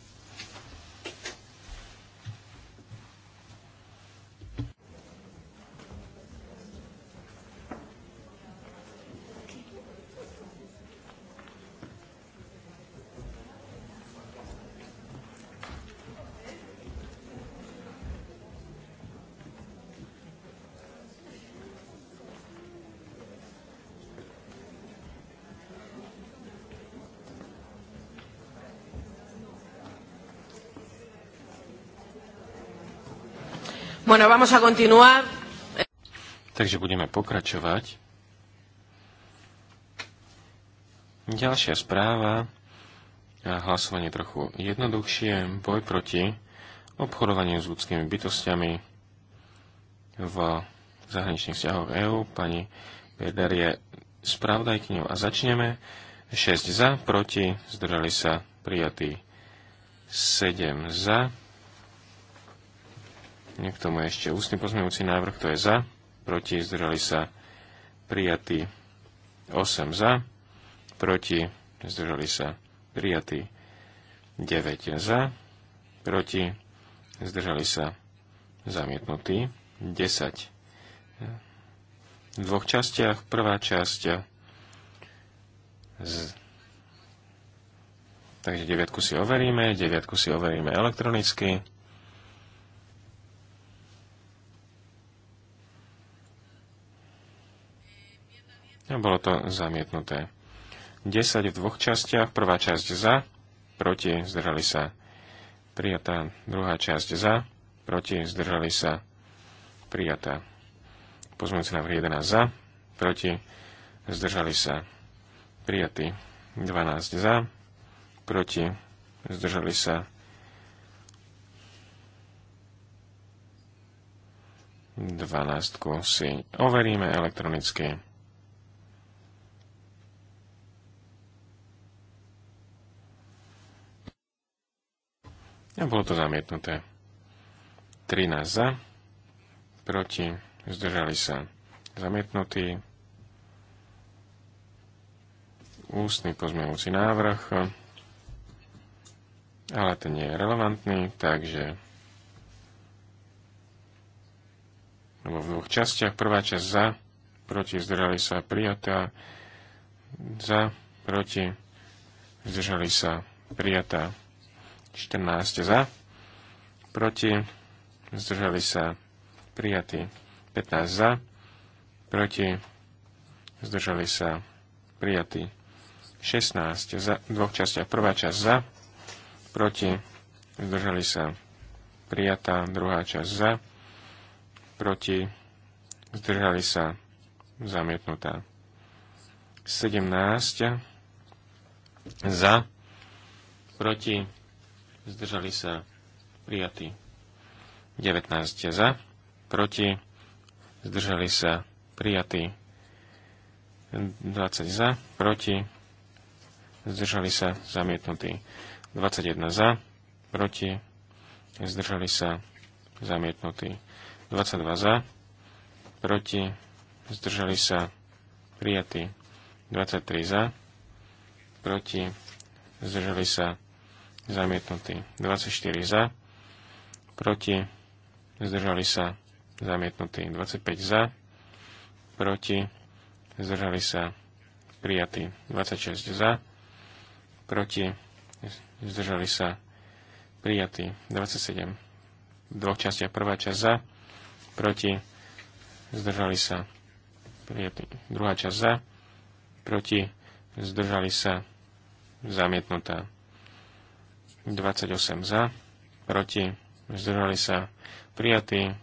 Speaker 1: Bueno, vamos a continuar.
Speaker 3: Takže budeme pokračovať. Ďalšia správa a hlasovanie trochu jednoduchšie. Boj proti obchodovaniu s ľudskými bytostiami v zahraničných vzťahoch EÚ. Pani Berdar je spravdajkňou a
Speaker 4: začneme.
Speaker 3: 6 za, proti, zdržali sa prijatí 7 za. K tomu ešte ústny pozmeňujúci návrh, kto je za, proti, zdržali sa prijatí 8 za, proti, zdržali sa prijatí 9 za, proti, zdržali sa zamietnutí 10. V dvoch častiach prvá časť z... Takže deviatku si overíme, deviatku si overíme elektronicky. bolo to zamietnuté. 10 v dvoch častiach, prvá časť za, proti, zdržali sa. Prijatá druhá časť za, proti, zdržali sa. Prijatá. sa návrh 11 za, proti, zdržali sa. Prijatý 12 za, proti, zdržali sa. 12 si overíme elektronicky. Nebolo to zamietnuté. 13 za, proti, zdržali sa zamietnutí. Ústny pozmeňujúci návrh, ale ten nie je relevantný, takže lebo v dvoch častiach. Prvá časť za, proti, zdržali sa prijatá, za, proti, zdržali sa prijatá. 14 za, proti, zdržali sa prijatí 15 za, proti, zdržali sa prijatí 16 za, dvoch častiach. Prvá časť za, proti, zdržali sa prijatá, druhá časť za, proti, zdržali sa zamietnutá. 17 za, proti, zdržali sa prijatí 19 za, proti, zdržali sa prijatí 20 za, proti, zdržali sa zamietnutí 21 za, proti, zdržali sa zamietnutí 22 za, proti, zdržali sa prijatí 23 za, proti, zdržali sa zamietnutý. 24 za, proti, zdržali sa, zamietnutý. 25 za, proti, zdržali sa, prijatý. 26 za, proti, zdržali sa, prijatý. 27 v dvoch častiach. Prvá časť za, proti, zdržali sa, prijatý. Druhá časť za, proti, zdržali sa, zamietnutá. 28 za, proti, zdržali sa prijatí.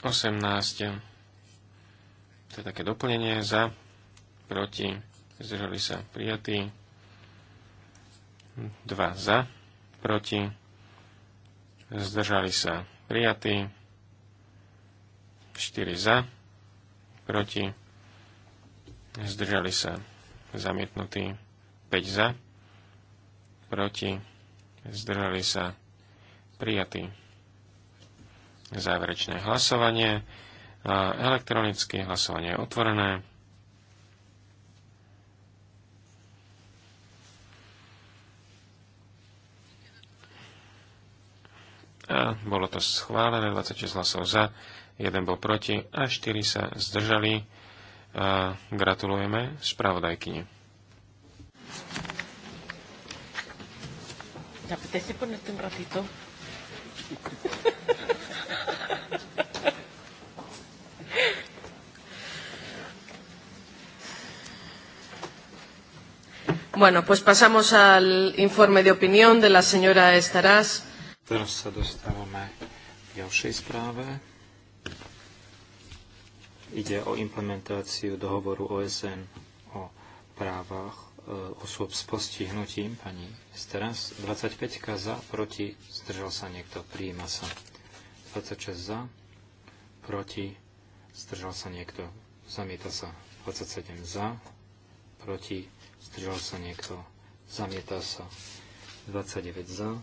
Speaker 3: Osemnáct, to je také doplnenie, za, proti, zdržali sa prijatí. 2 za, proti, zdržali sa prijatí. 4 za, proti, zdržali sa zamietnutí 5 za, proti, zdržali sa prijatí. Záverečné hlasovanie, elektronické hlasovanie je otvorené. A bolo to schválené, 26 hlasov za, 1 bol proti a 4 sa zdržali a gratulujeme spravodajkyni.
Speaker 1: Bueno, pues pasamos al informe de opinión de la señora Estarás.
Speaker 4: Teraz sa dostávame k ďalšej správe. Ide o implementáciu dohovoru OSN o právach e, osôb s postihnutím. Pani Steras, 25 za, proti, zdržal sa niekto, prijíma sa. 26 za, proti, zdržal sa niekto, zamieta sa. 27 za, proti, zdržal sa niekto, zamieta sa. 29 za,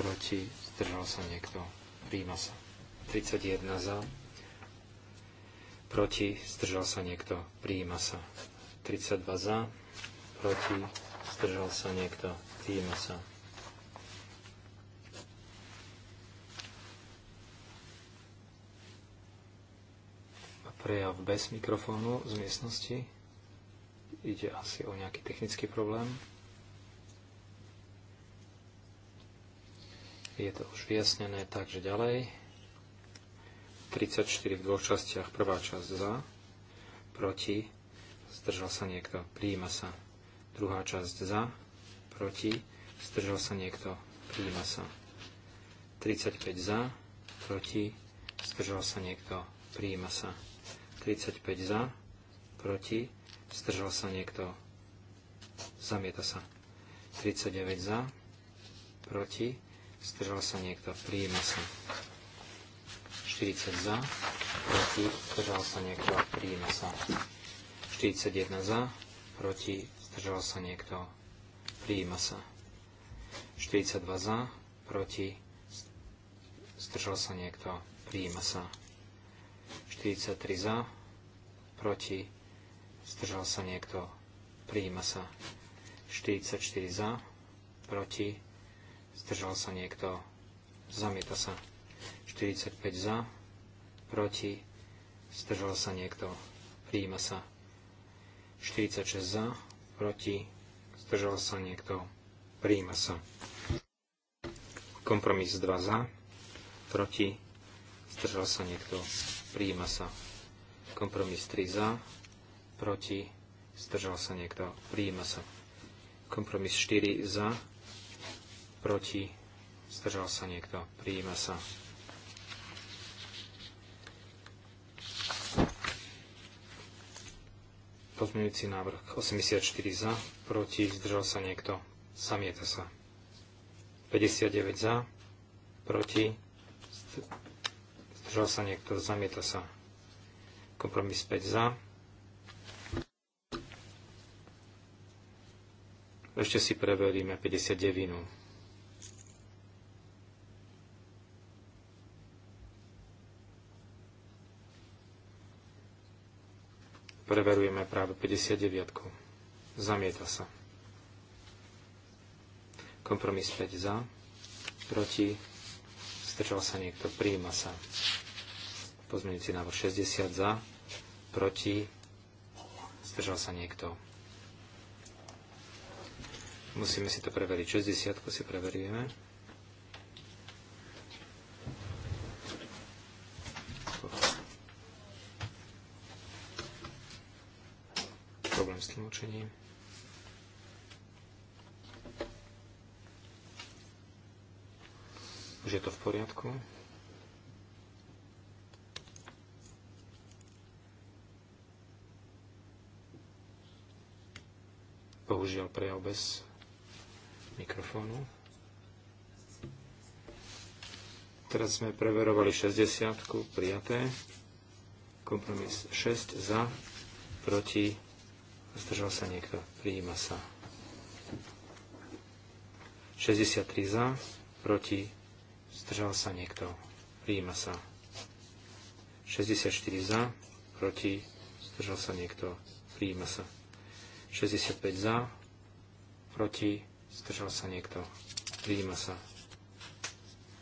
Speaker 4: proti, zdržal sa niekto, prijíma sa. 31 za, proti, zdržal sa niekto, prijíma sa. 32 za, proti, zdržal sa niekto, prijíma sa. A prejav bez mikrofónu z miestnosti. Ide asi o nejaký technický problém. Je to už vyjasnené, takže ďalej. 34 v dvoch častiach. Prvá časť za, proti, zdržal sa niekto, príjima sa. Druhá časť za, proti, zdržal sa niekto, príjima sa. 35 za, proti, zdržal sa niekto, príjima sa. 35 za, proti, zdržal sa niekto, zamieta sa. 39 za, proti, zdržal sa niekto, príjima sa. 40 za, proti, zdržal sa niekto, príjme sa. 41 za, proti, zdržal sa niekto, príjme sa. 42 za, proti, zdržal sa niekto, príjme sa. 43 za, proti, zdržal sa niekto, príjme sa. 44 za, proti, zdržal sa niekto, zamieta sa. 45 za, proti, zdržal sa niekto, prijíma sa. 46 za, proti, zdržal sa niekto, prijíma sa. Kompromis 2 za, proti, zdržal sa niekto, prijíma sa. Kompromis 3 za, proti, zdržal sa niekto, prijíma sa. Kompromis 4 za, proti, zdržal sa niekto, prijíma sa. Pozmeňujúci návrh 84 za, proti, zdržal sa niekto, zamieta sa. 59 za, proti, zdržal sa niekto, zamieta sa. Kompromis 5 za. Ešte si preveríme 59. preverujeme práve 59. Zamieta sa. Kompromis 5 za, proti, zdržal sa niekto, prijíma sa. Pozmeňujúci návrh 60 za, proti, zdržal sa niekto. Musíme si to preveriť. 60 si preverujeme. doporučení. Už je to v poriadku? Bohužiaľ prejav bez mikrofónu. Teraz sme preverovali 60, prijaté. Kompromis 6 za, proti Zdržal sa niekto. Prijíma sa. 63 za. Proti. Zdržal sa niekto. Prijíma sa. 64 za. Proti. Zdržal sa niekto. Prijíma sa. 65 za. Proti. Zdržal sa niekto. Prijíma sa.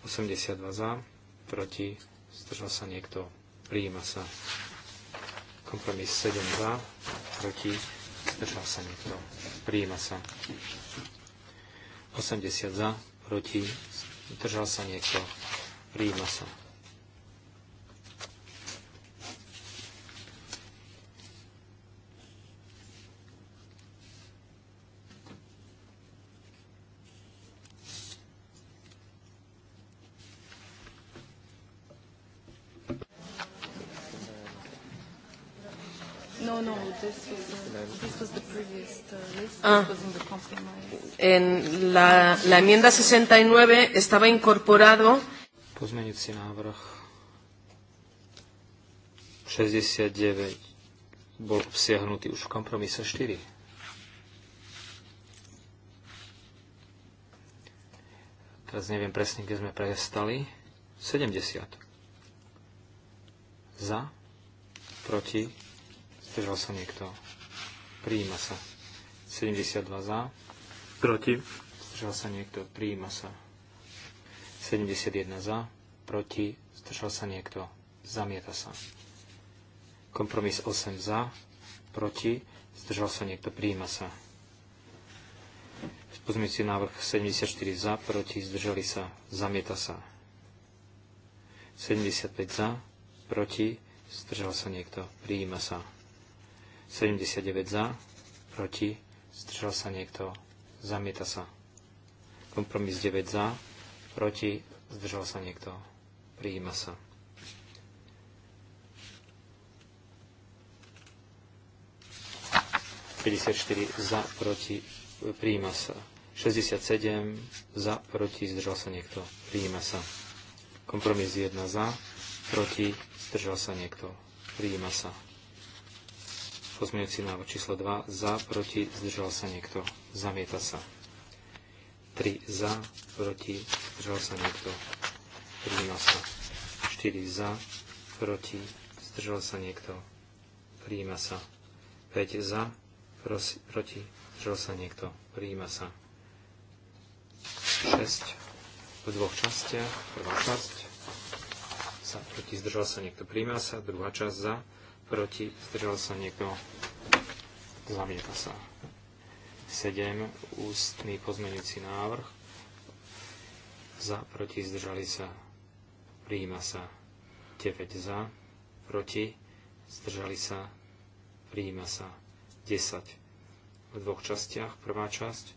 Speaker 4: 82 za. Proti. Zdržal sa niekto. Prijíma sa. Kompromis 7 za. Proti Zdržal sa niekto. Prijíma sa. 80 za, proti. Zdržal sa niekto. Prijíma sa.
Speaker 1: en la, la enmienda 69 estaba incorporado
Speaker 4: Pozmeňujúci návrh 69 bol obsiahnutý už v kompromise 4. Teraz neviem presne, kde sme prestali. 70. Za, proti, zdržal sa niekto. Prijíma sa. 72 za, Proti. Zdržal sa niekto. Prijíma sa. 71 za. Proti. Zdržal sa niekto. Zamieta sa. Kompromis 8 za. Proti. Zdržal sa niekto. Prijíma sa. Pozmite návrh 74 za. Proti. Zdržali sa. Zamieta sa. 75 za. Proti. Zdržal sa niekto. Prijíma sa. 79 za. Proti. Zdržal sa niekto. Zamieta sa. Kompromis 9 za. Proti. Zdržal sa niekto. Prijíma sa. za, proti, prijíma sa. 67 za, proti, zdržal sa niekto. Prijíma sa. Kompromis 1 za, proti, zdržal sa niekto. Prijíma sa. Pozmeňujúci návrh číslo 2 za, proti, zdržal sa niekto, zamieta sa. 3 za, proti, zdržal sa niekto, prijíma sa. 4 za, proti, zdržal sa niekto, prijíma sa. 5 za, prosi, proti, zdržal sa niekto, prijíma sa. 6 v dvoch častiach, prvá časť, za, proti, zdržal sa niekto, prijíma sa, druhá časť za, proti, zdržal sa niekto, zamieta sa. 7. Ústny pozmenujúci návrh. Za, proti, zdržali sa, prijíma sa. 9 za, proti, zdržali sa, prijíma sa 10. V dvoch častiach, prvá časť,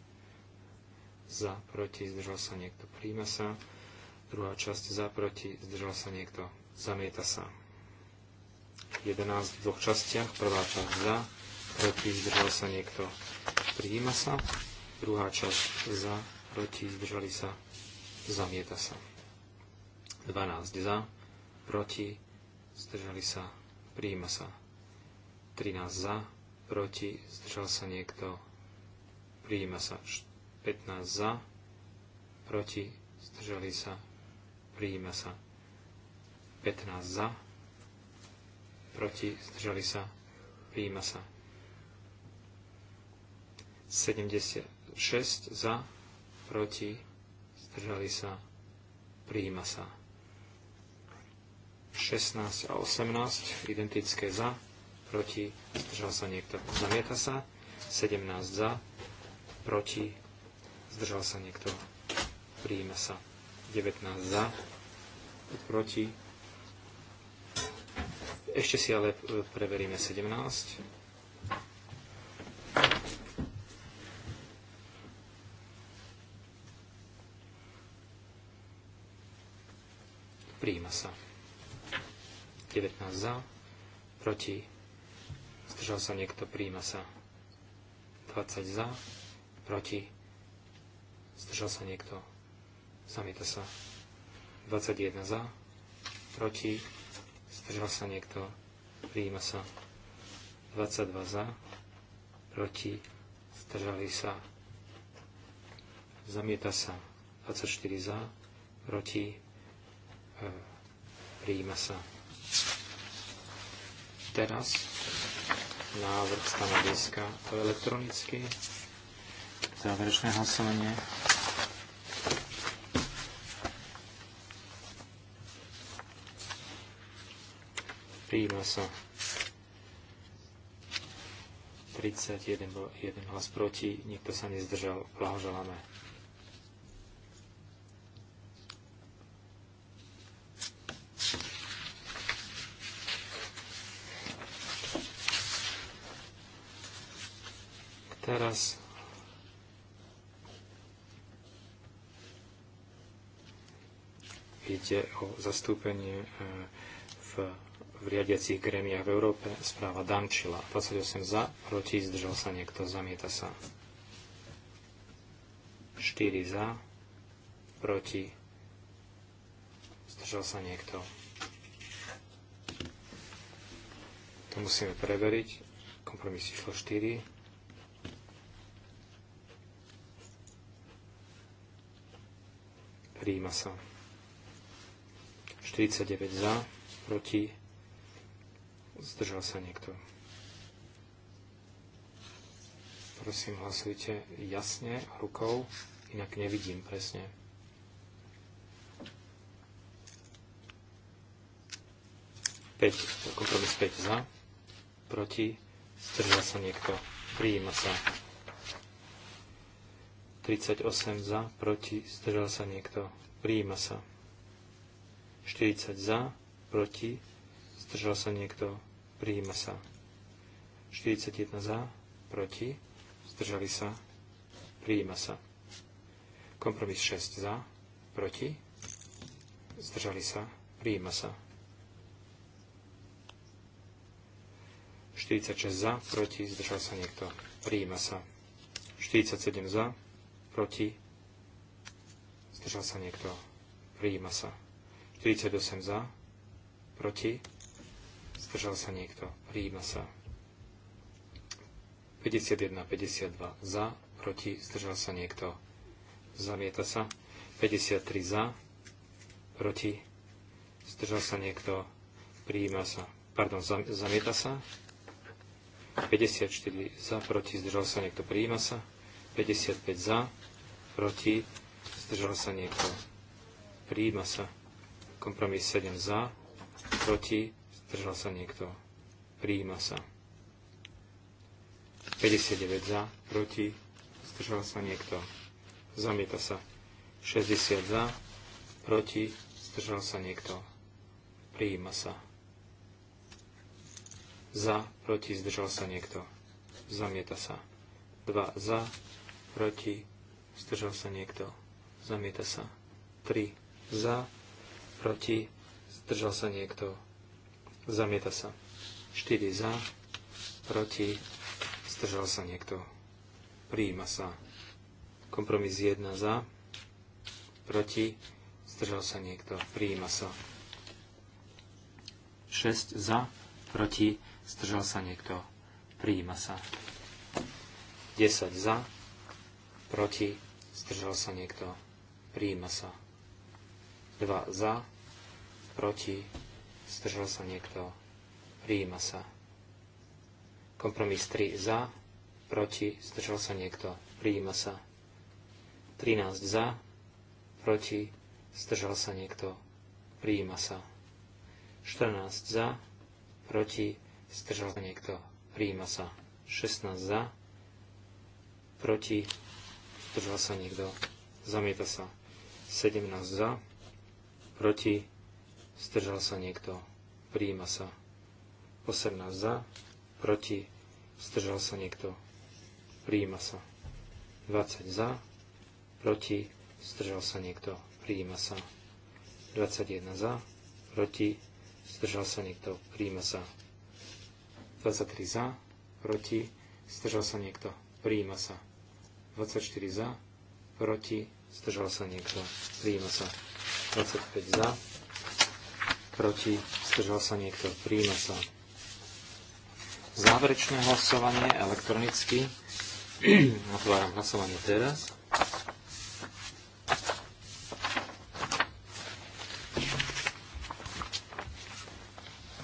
Speaker 4: za, proti, zdržal sa niekto, prijíma sa, druhá časť, za, proti, zdržal sa niekto, zamieta sa. 11 v dvoch častiach. Prvá časť za, proti, zdržal sa niekto. Prijíma sa. Druhá časť za, proti, zdržali sa. Zamieta sa. 12 za, proti, zdržali sa. Prijíma sa. 13 za, proti, zdržal sa niekto. Prijíma sa. 15 za, proti, zdržali sa. Prijíma sa. 15 za, proti, zdržali sa, príjima sa. 76 za, proti, zdržali sa, príjima sa. 16 a 18 identické za, proti, zdržal sa niekto, zamieta sa. 17 za, proti, zdržal sa niekto, príjima sa. 19 za, proti, ešte si ale e, preveríme 17. Príjima sa. 19 za, proti, zdržal sa niekto, príjima sa. 20 za, proti, zdržal sa niekto, zamieta sa. 21 za, proti, Zdržal sa niekto? Prijíma sa. 22 za. Proti. Zdržali sa. Zamieta sa. 24 za. Proti. E, prijíma sa. Teraz návrh stanoviska elektronicky. Záverečné hlasovanie. Príjima sa 31 bol jeden hlas proti, nikto sa nezdržal. Blahoželáme. Teraz ide o zastúpenie e, v v riadiacich gremiách v Európe, správa Dančila. 28 za, proti, zdržal sa niekto, zamieta sa. 4 za, proti, zdržal sa niekto. To musíme preveriť. Kompromis išlo 4. Príjima sa. 49 za, proti, Zdržal sa niekto? Prosím, hlasujte jasne rukou, inak nevidím presne. kompromis 5 za, proti, zdržal sa niekto, prijíma sa. 38 za, proti, zdržal sa niekto, prijíma sa. 40 za, proti, zdržal sa niekto, Prijíma sa. 41 za, proti, zdržali sa, prijíma sa. Kompromis 6 za, proti, zdržali sa, prijíma sa. 46 za, proti, zdržal sa niekto, prijíma sa. 47 za, proti, zdržal sa niekto, prijíma sa. 48 za, proti, zdržal sa niekto, príjima sa. 51, 52 za, proti, zdržal sa niekto, zamieta sa. 53 za, proti, zdržal sa niekto, príjima sa, pardon, zamieta sa. 54 za, proti, zdržal sa niekto, príjima sa. 55 za, proti, zdržal sa niekto, príjima sa. Kompromis 7 za, proti, Zdržal sa niekto? Prijíma sa. 59 za, proti, zdržal sa niekto. Zamieta sa. 60 za, proti, zdržal sa niekto. Prijíma sa. Za, proti, zdržal sa niekto. Zamieta sa. 2 za, proti, zdržal sa niekto. Zamieta sa. 3 za, proti, zdržal sa niekto. Zamieta sa. 4 za, proti, zdržal sa niekto. Prijíma sa. Kompromis 1 za, proti, zdržal sa niekto. Prijíma sa. 6 za, proti, zdržal sa niekto. Prijíma sa. 10 za, proti, zdržal sa niekto. Prijíma sa. 2 za, proti, zdržal sa niekto, prijíma sa. Kompromis 3 za, proti, zdržal sa niekto, prijíma sa. 13 za, proti, zdržal sa niekto, prijíma sa. 14 za, proti, zdržal sa niekto, prijíma sa. 16 za, proti, zdržal sa niekto, zamieta sa. 17 za, proti, zdržal sa niekto, Príjima sa. 18 za, proti, zdržal sa niekto, Príjima sa. 20 za, proti, zdržal sa niekto, Príjima sa. 21 za, proti, zdržal sa niekto, Príjima sa. 23 za, proti, zdržal sa niekto, Príjima sa. 24 za, proti, zdržal sa niekto, Príjima sa. 25 za, proti, zdržal sa niekto, príjme sa. Záverečné hlasovanie elektronicky. *clears throat* Otváram hlasovanie teraz.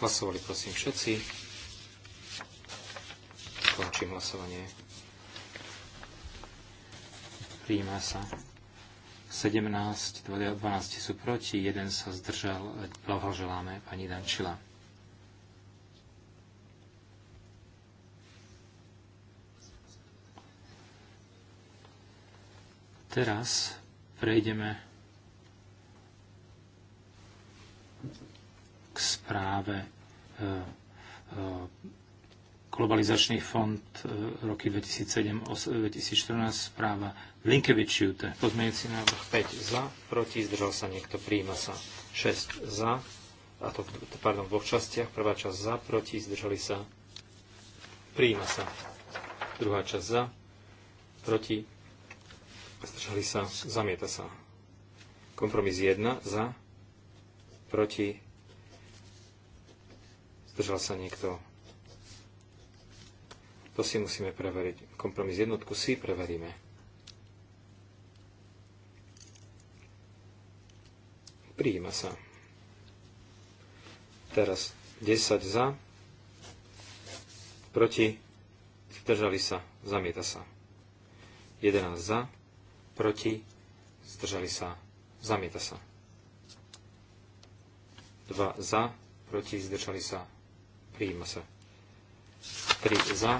Speaker 4: Hlasovali prosím všetci. Končím hlasovanie. Príjme sa. 17, 12 sú proti, jeden sa zdržal. Blahoželáme pani Dančila. Teraz prejdeme k správe e, e, Globalizačný fond e, roky 2007-2014 správa Linkevičiute, pozmeňujúci návrh 5 za, proti, zdržal sa niekto, príjma sa 6 za, a to, pardon, v dvoch častiach, prvá časť za, proti, zdržali sa, príjma sa, druhá časť za, proti, zdržali sa, zamieta sa. Kompromis 1 za, proti, zdržal sa niekto, to si musíme preveriť. Kompromis jednotku si preveríme. Prijíma sa. Teraz 10 za, proti, zdržali sa, zamieta sa. 11 za, proti, zdržali sa, zamieta sa. 2 za, proti, zdržali sa, prijíma sa. 3 za,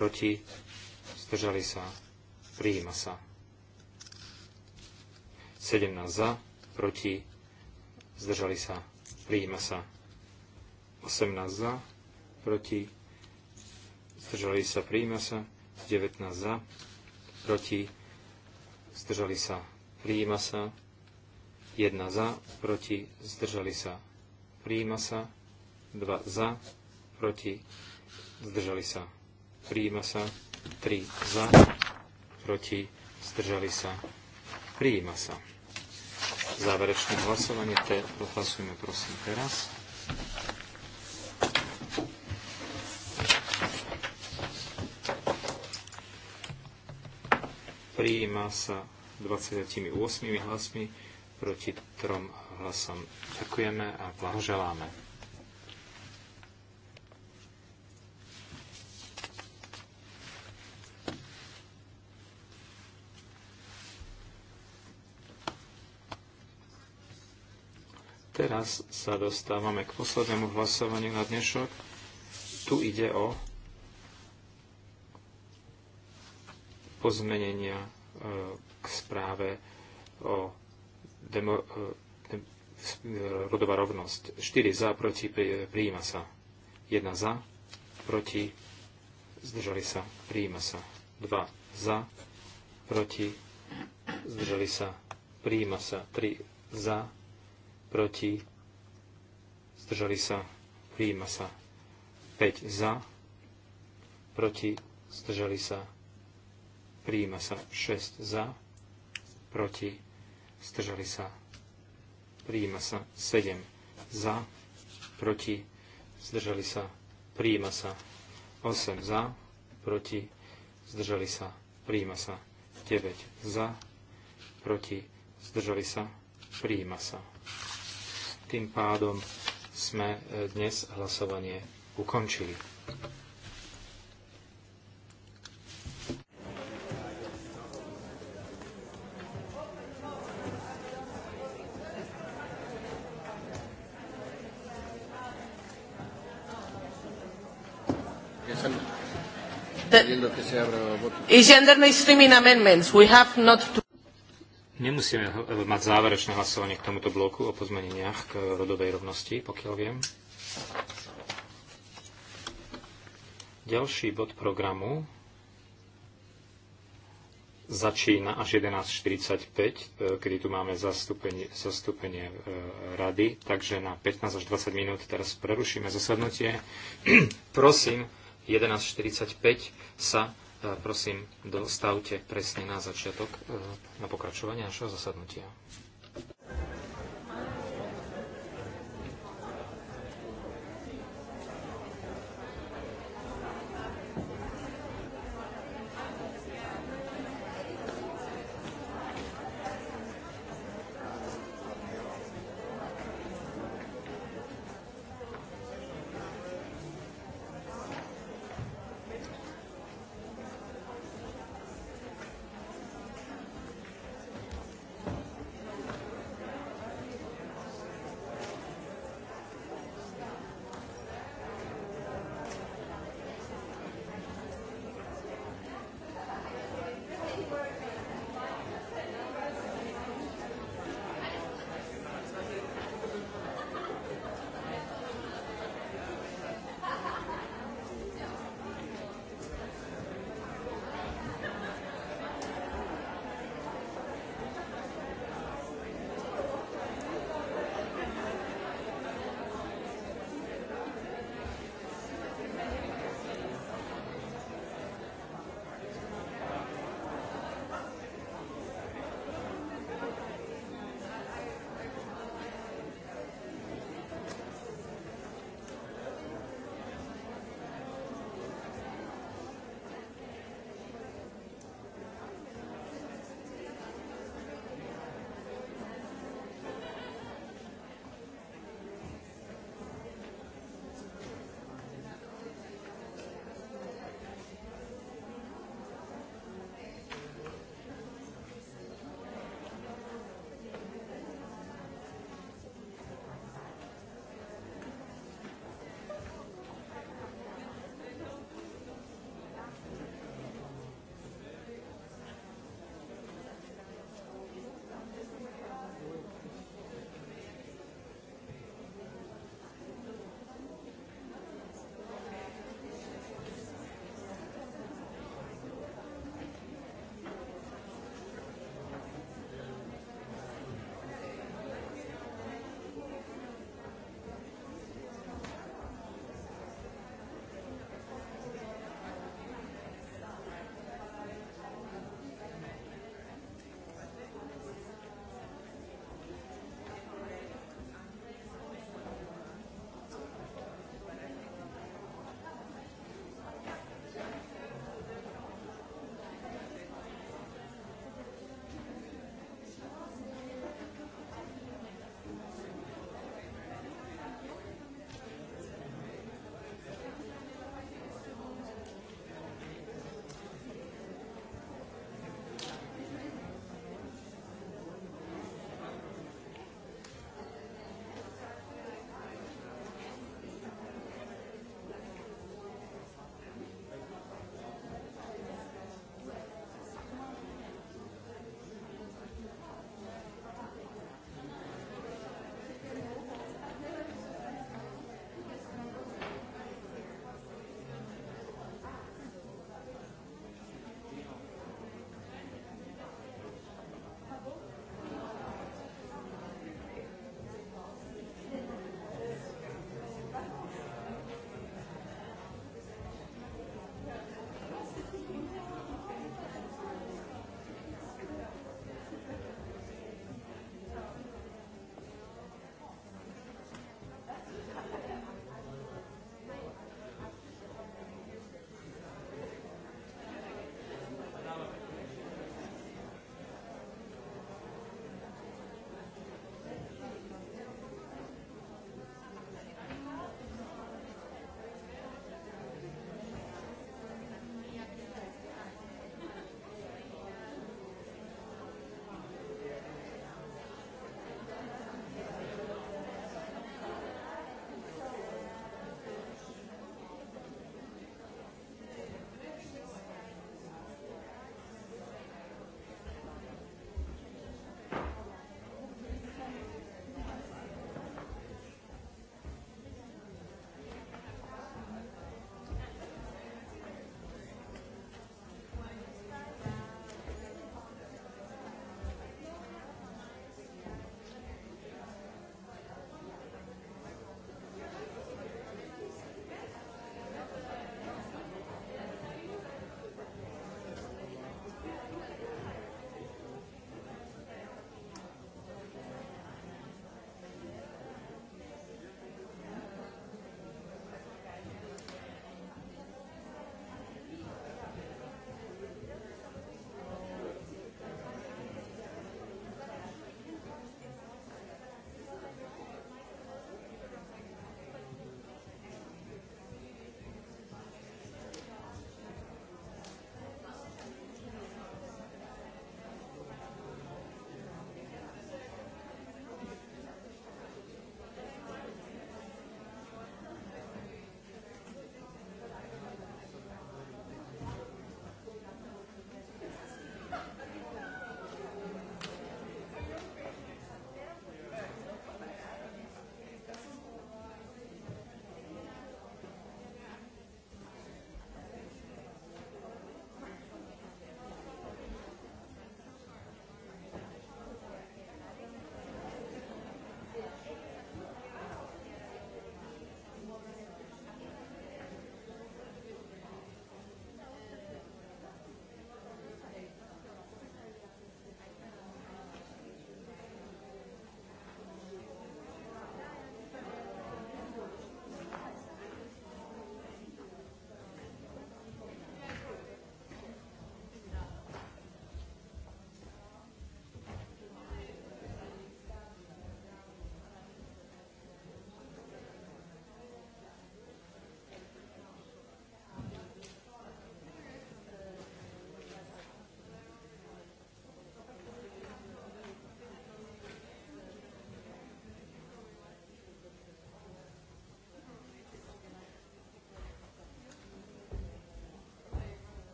Speaker 4: proti, zdržali sa, prijíma sa. 17 za, proti, zdržali sa, prijíma sa. 18 za, proti, zdržali sa, prijíma sa. 19 za, proti, zdržali sa, prijíma sa. 1 za, proti, zdržali sa, prijíma sa. 2 za, proti, zdržali sa, prijíma sa. 3 za, proti, zdržali sa, prijíma sa záverečné hlasovanie. Te, hlasujme prosím teraz. Prijíma sa 28 hlasmi proti 3 hlasom. Ďakujeme a blahoželáme. Teraz sa dostávame k poslednému hlasovaniu na dnešok. Tu ide o pozmenenia e, k správe o demo, e, de, e, rodová rovnosť. 4 za, proti, prijíma sa. 1 za, proti, zdržali sa, prijíma sa. 2 za, proti, zdržali sa, prijíma sa. 3 za, proti, zdržali sa, prijíma sa. 5 za, proti, zdržali sa, prijíma sa. 6 za, proti, zdržali sa, prijíma sa. 7 za, proti, zdržali sa, prijíma sa. 8 za, proti, zdržali sa, prijíma sa. 9 za, proti, zdržali sa, prijíma sa. Tým pádom sme e, dnes hlasovanie ukončili. The, is
Speaker 1: gender mainstreaming amendments. We have not to
Speaker 4: Nemusíme eh, mať záverečné hlasovanie k tomuto bloku o pozmeneniach k eh, rodovej rovnosti, pokiaľ viem. Ďalší bod programu
Speaker 1: začína až
Speaker 4: 11.45, eh, kedy tu máme zastúpenie, zastúpenie rady, takže na 15 až 20 minút teraz prerušíme zasadnutie. *clears throat* Prosím, 11.45 sa Prosím, dostavte presne na začiatok, e, na pokračovanie našeho zasadnutia.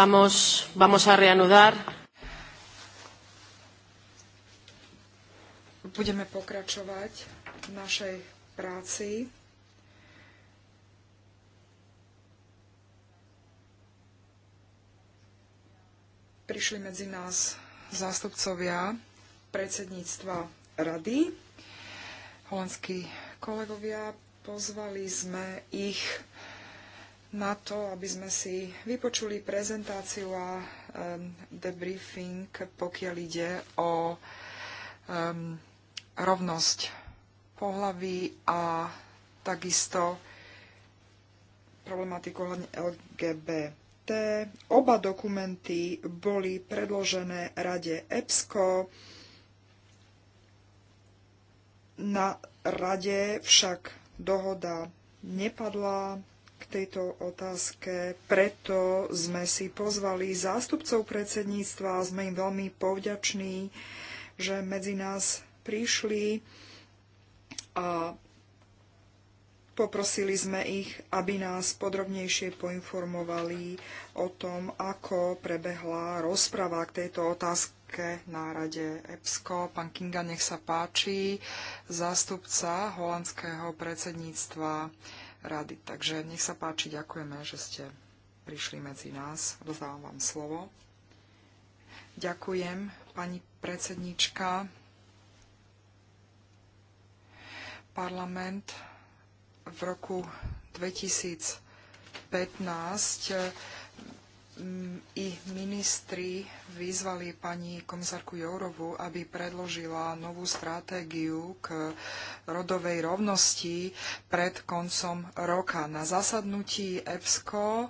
Speaker 1: Vamos, vamos a reanudar.
Speaker 2: Budeme pokračovať v našej práci. Prišli medzi nás zástupcovia predsedníctva rady, holandskí kolegovia. Pozvali sme ich na to, aby sme si vypočuli prezentáciu a um, debriefing, pokiaľ ide o um, rovnosť pohlaví a takisto problematiku LGBT. Oba dokumenty boli predložené Rade EPSCO. Na Rade však dohoda nepadla k tejto otázke, preto sme si pozvali zástupcov predsedníctva a sme im veľmi povďační, že medzi nás prišli a poprosili sme ich, aby nás podrobnejšie poinformovali o tom, ako prebehla rozprava k tejto otázke na rade EPSCO. Pán Kinga, nech sa páči, zástupca holandského predsedníctva rady. Takže nech sa páči, ďakujeme, že ste prišli medzi nás. Rozdávam vám slovo. Ďakujem, pani predsednička. Parlament v roku 2015 i ministri vyzvali pani komisárku Jourovu, aby predložila novú stratégiu k rodovej rovnosti pred koncom roka. Na zasadnutí EPSCO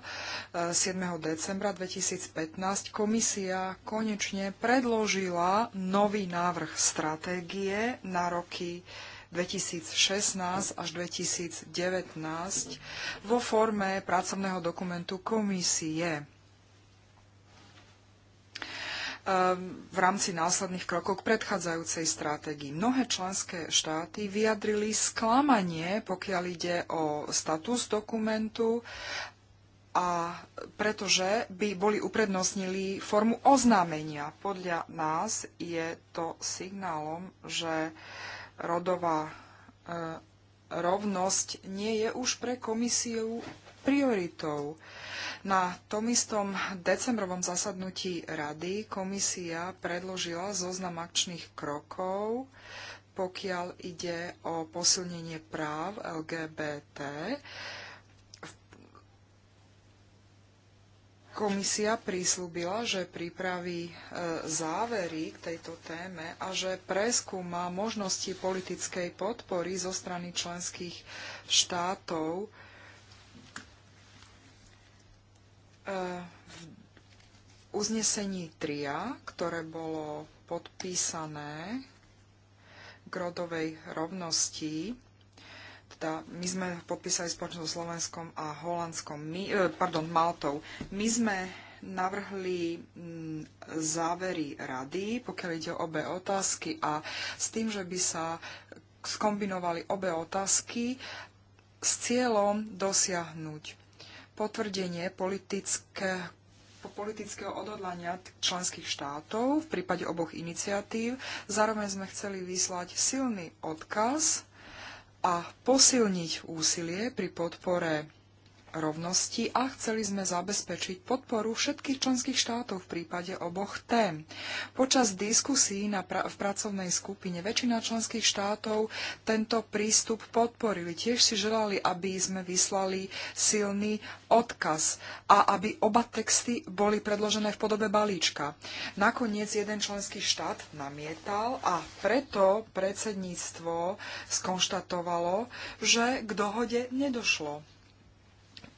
Speaker 2: 7. E, decembra 2015 komisia konečne predložila nový návrh stratégie na roky 2016 až 2019 vo forme pracovného dokumentu komisie. Ehm, v rámci následných krokov k predchádzajúcej stratégii. Mnohé členské štáty vyjadrili sklamanie, pokiaľ ide o status dokumentu a pretože by boli uprednostnili formu oznámenia. Podľa nás je to signálom, že rodová ehm, rovnosť nie je už pre komisiu prioritou. Na tom istom decembrovom zasadnutí rady komisia predložila zoznam akčných krokov, pokiaľ ide o posilnenie práv LGBT. Komisia prislúbila, že pripraví e, závery k tejto téme a že preskúma možnosti politickej podpory zo strany členských štátov E, v uznesení TRIA, ktoré bolo podpísané k rodovej rovnosti, teda my sme podpísali spoločnosť Slovenskom a Holandskom, my, e, pardon, Maltou. My sme navrhli závery rady, pokiaľ ide o obe otázky a s tým, že by sa skombinovali obe otázky s cieľom dosiahnuť potvrdenie politické, politického odhodlania členských štátov v prípade oboch iniciatív. Zároveň sme chceli vyslať silný odkaz a posilniť úsilie pri podpore rovnosti a chceli sme zabezpečiť podporu všetkých členských štátov v prípade oboch tém. Počas diskusí na pra- v pracovnej skupine väčšina členských štátov tento prístup podporili. Tiež si želali, aby sme vyslali silný odkaz a aby oba texty boli predložené v podobe balíčka. Nakoniec jeden členský štát namietal a preto predsedníctvo skonštatovalo, že k dohode nedošlo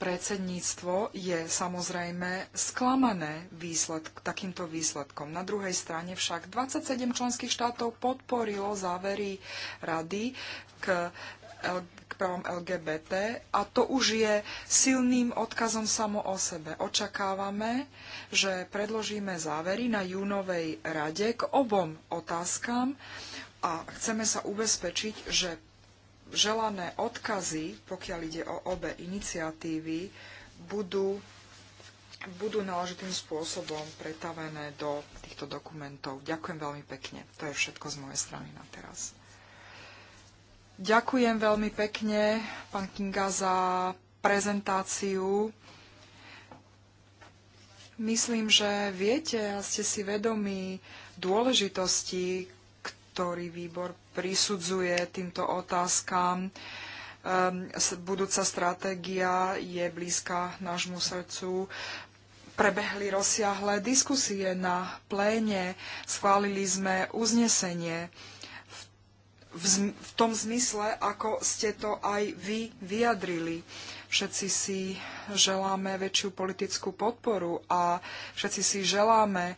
Speaker 2: predsedníctvo je samozrejme sklamané výsledk, takýmto výsledkom. Na druhej strane však 27 členských štátov podporilo závery rady k k právom LGBT a to už je silným odkazom samo o sebe. Očakávame, že predložíme závery na júnovej rade k obom otázkam a chceme sa ubezpečiť, že želané odkazy, pokiaľ ide o obe iniciatívy, budú, budú náležitým spôsobom pretavené do týchto dokumentov. Ďakujem veľmi pekne. To je všetko z mojej strany na teraz. Ďakujem veľmi pekne, pán Kinga, za prezentáciu. Myslím, že viete a ste si vedomí dôležitosti, ktorý výbor prisudzuje týmto otázkam. Ehm, budúca stratégia je blízka nášmu srdcu. Prebehli rozsiahle diskusie na pléne, schválili sme uznesenie v, v tom zmysle, ako ste to aj vy vyjadrili. Všetci si želáme väčšiu politickú podporu a všetci si želáme e,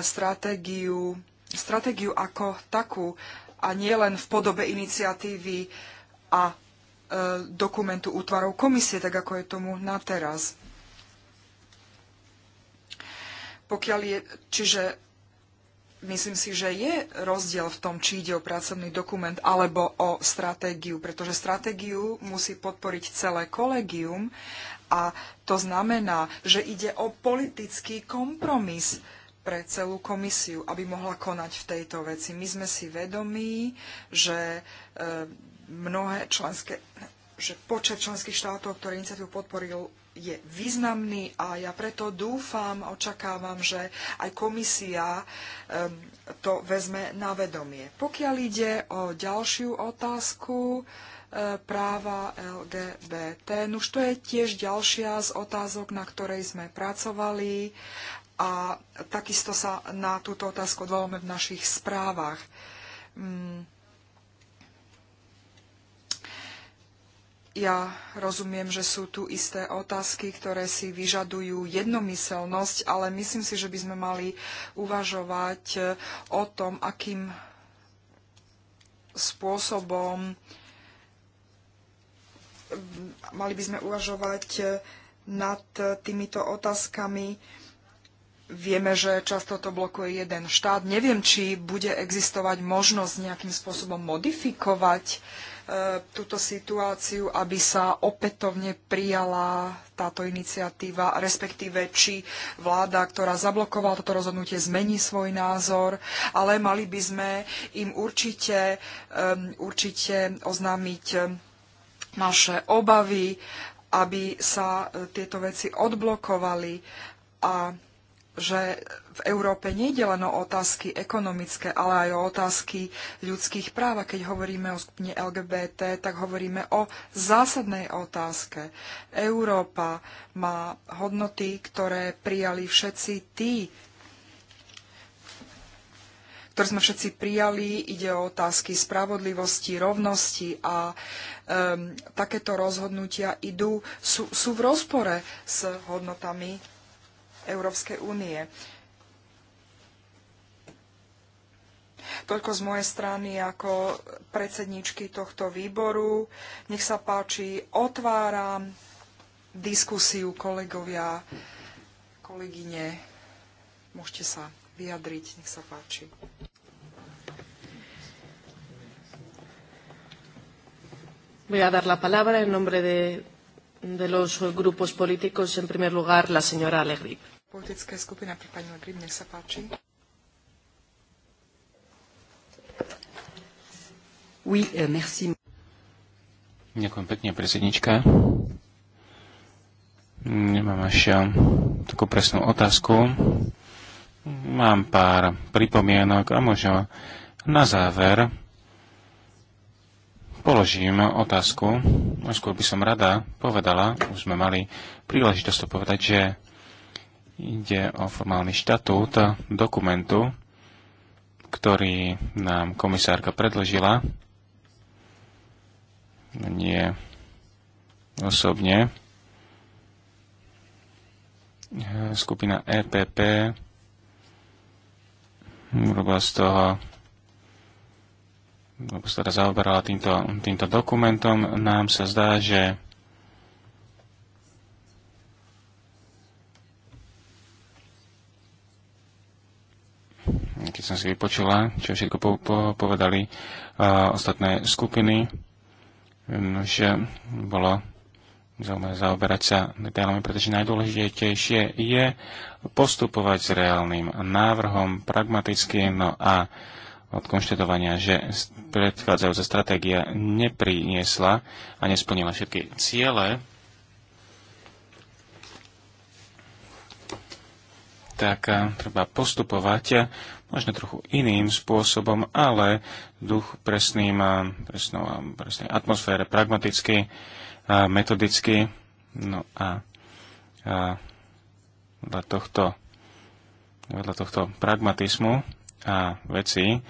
Speaker 2: stratégiu, stratégiu ako takú a nie len v podobe iniciatívy a e, dokumentu útvarov komisie, tak ako je tomu na teraz. Pokiaľ je, čiže myslím si, že je rozdiel v tom, či ide o pracovný dokument alebo o stratégiu, pretože stratégiu musí podporiť celé kolegium a to znamená, že ide o politický kompromis pre celú komisiu, aby mohla konať v tejto veci. My sme si vedomí, že e, mnohé členské, že počet členských štátov, ktoré iniciatívu podporil, je významný a ja preto dúfam, očakávam, že aj komisia e, to vezme na vedomie. Pokiaľ ide o ďalšiu otázku, e, práva LGBT. už to je tiež ďalšia z otázok, na ktorej sme pracovali a takisto sa na túto otázku odvoláme v našich správach. Mm. Ja rozumiem, že sú tu isté otázky, ktoré si vyžadujú jednomyselnosť, ale myslím si, že by sme mali uvažovať eh, o tom, akým spôsobom mm, mali by sme uvažovať eh, nad eh, týmito otázkami Vieme, že často to blokuje jeden štát. Neviem, či bude existovať možnosť nejakým spôsobom modifikovať e, túto situáciu, aby sa opätovne prijala táto iniciatíva, respektíve či vláda, ktorá zablokovala toto rozhodnutie, zmení svoj názor, ale mali by sme im určite, e, určite oznámiť naše obavy, aby sa e, tieto veci odblokovali a že v Európe nejde len o otázky ekonomické, ale aj o otázky ľudských práv. A keď hovoríme o skupine LGBT, tak hovoríme o zásadnej otázke. Európa má hodnoty, ktoré prijali všetci tí, ktoré sme všetci prijali. Ide o otázky spravodlivosti, rovnosti a um, takéto rozhodnutia idú, sú, sú v rozpore s hodnotami Európskej únie. Toľko z mojej strany ako predsedničky tohto výboru. Nech sa páči, otváram diskusiu kolegovia, kolegyne. Môžete sa vyjadriť, nech sa páči.
Speaker 1: Voy a dar la palabra en nombre de, de los grupos políticos. En primer lugar, la señora Legrip
Speaker 2: politické skupiny, pani Legrib, nech sa páči.
Speaker 1: Oui, euh, merci.
Speaker 3: Ďakujem pekne, predsednička. Nemám až eh, takú presnú otázku. Mám pár pripomienok a možno na záver položím otázku. Skôr by som rada povedala, už sme mali príležitosť to povedať, že Ide o formálny štatút dokumentu, ktorý nám komisárka predložila. Nie osobne. Skupina EPP robila z toho teda zaoberala týmto, týmto dokumentom. Nám sa zdá, že keď som si vypočula, čo všetko po, po, povedali uh, ostatné skupiny, že bolo zaujímavé zaoberať sa detailami, pretože najdôležitejšie je postupovať s reálnym návrhom pragmaticky, no a od konštatovania, že predchádzajúca stratégia nepriniesla a nesplnila všetky ciele, tak eh, treba postupovať eh, možno trochu iným spôsobom, ale duch presným, eh, presnou, presnej atmosfére, pragmaticky, metodicky. No a, a vedľa tohto, vedľa tohto pragmatizmu a veci,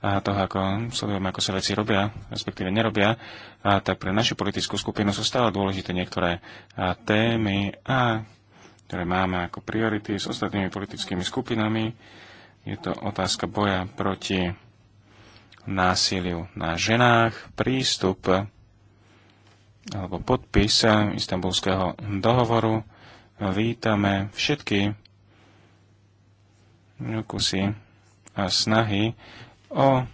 Speaker 3: a toho, ako sledujeme, ako sa veci robia, respektíve nerobia, a tak pre našu politickú skupinu sú stále dôležité niektoré témy a ktoré máme ako priority s ostatnými politickými skupinami. Je to otázka boja proti násiliu na ženách, prístup alebo podpis istambulského dohovoru. Vítame všetky kusy a snahy o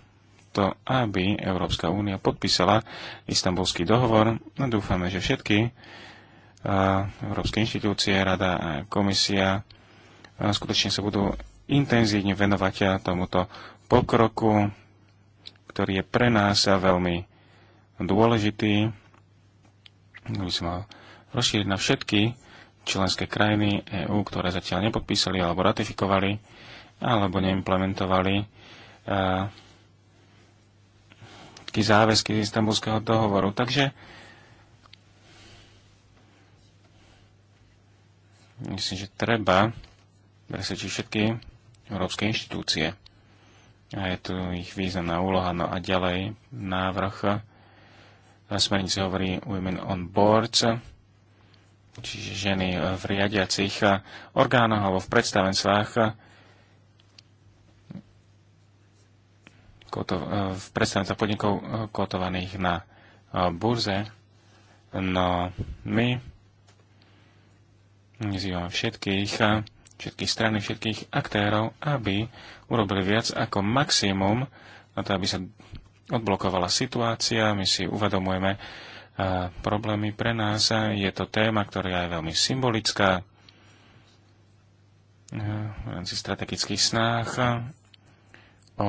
Speaker 3: to, aby Európska únia podpísala istambulský dohovor. No, dúfame, že všetky európske inštitúcie, rada a komisia skutočne sa budú intenzívne venovať tomuto pokroku, ktorý je pre nás veľmi dôležitý. By sme mal rozšíriť na všetky členské krajiny EÚ, ktoré zatiaľ nepodpísali alebo ratifikovali alebo neimplementovali uh, záväzky z istambulského dohovoru. Takže myslím, že treba presvedčiť všetky európske inštitúcie. A je tu ich významná úloha. No a ďalej návrh smernice hovorí Women on Boards, čiže ženy v riadiacich orgánoch alebo v predstavenstvách v predstavenstvách podnikov kotovaných na burze. No my vyzývam všetkých, eh, všetky strany, všetkých aktérov, aby urobili viac ako maximum na to, aby sa odblokovala situácia. My si uvedomujeme eh, problémy pre nás. Je to téma, ktorá je veľmi symbolická eh, v rámci strategických snách o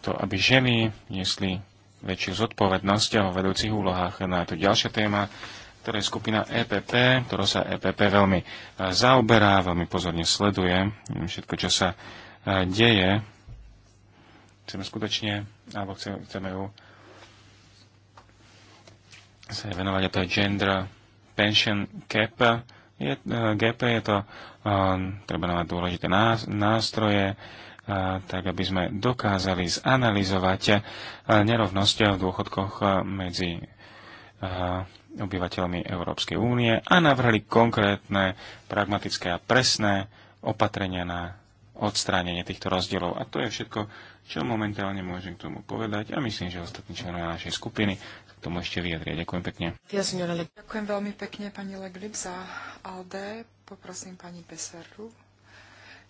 Speaker 3: to, aby ženy niesli väčšiu zodpovednosť o vedúcich úlohách. No a tu ďalšia téma, ktoré je skupina EPP, ktorá sa EPP veľmi e, zaoberá, veľmi pozorne sleduje všetko, čo sa e, deje. Chceme skutočne, alebo chceme, chceme ju sa venovať, a to je Gender Pension Cap. Je, e, GP je to, treba mať dôležité nástroje, tak aby sme dokázali zanalizovať nerovnosť v dôchodkoch medzi obyvateľmi Európskej únie a navrhli konkrétne, pragmatické a presné opatrenia na odstránenie týchto rozdielov. A to je všetko, čo momentálne môžem k tomu povedať a myslím, že ostatní členovia našej skupiny k tomu ešte vyjadria. Ďakujem pekne.
Speaker 2: Ďakujem veľmi pekne pani Leglip za ALDE. Poprosím pani Peseru.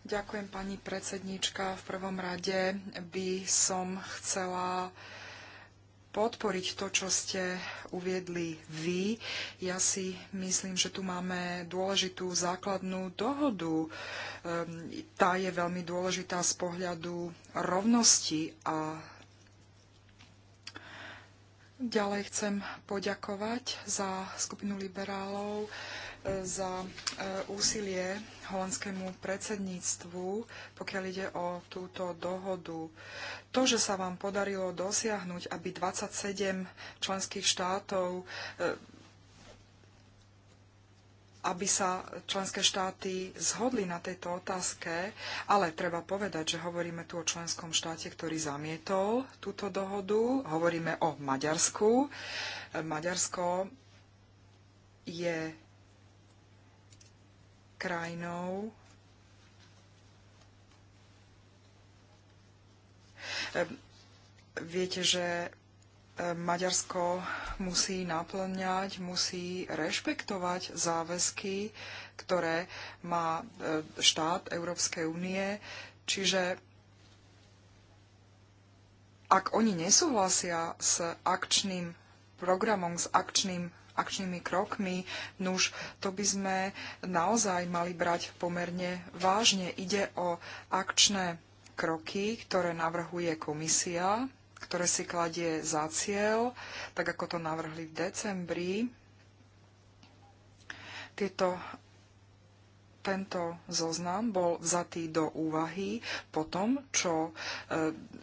Speaker 2: Ďakujem pani predsedníčka. V prvom rade by som chcela podporiť to, čo ste uviedli vy. Ja si myslím, že tu máme dôležitú základnú dohodu. Ehm, tá je veľmi dôležitá z pohľadu rovnosti a Ďalej chcem poďakovať za skupinu liberálov e, za e, úsilie holandskému predsedníctvu, pokiaľ ide o túto dohodu. To, že sa vám podarilo dosiahnuť, aby 27 členských štátov e, aby sa členské štáty zhodli na tejto otázke, ale treba povedať, že hovoríme tu o členskom štáte, ktorý zamietol túto dohodu. Hovoríme o Maďarsku. Maďarsko je krajinou, Viete, že Maďarsko musí naplňať, musí rešpektovať záväzky, ktoré má e, štát Európskej únie. Čiže ak oni nesúhlasia s akčným programom, s akčným akčnými krokmi, nuž to by sme naozaj mali brať pomerne vážne. Ide o akčné kroky, ktoré navrhuje komisia ktoré si kladie za cieľ, tak ako to navrhli v decembri. Tieto, tento zoznam bol vzatý do úvahy po tom, čo e,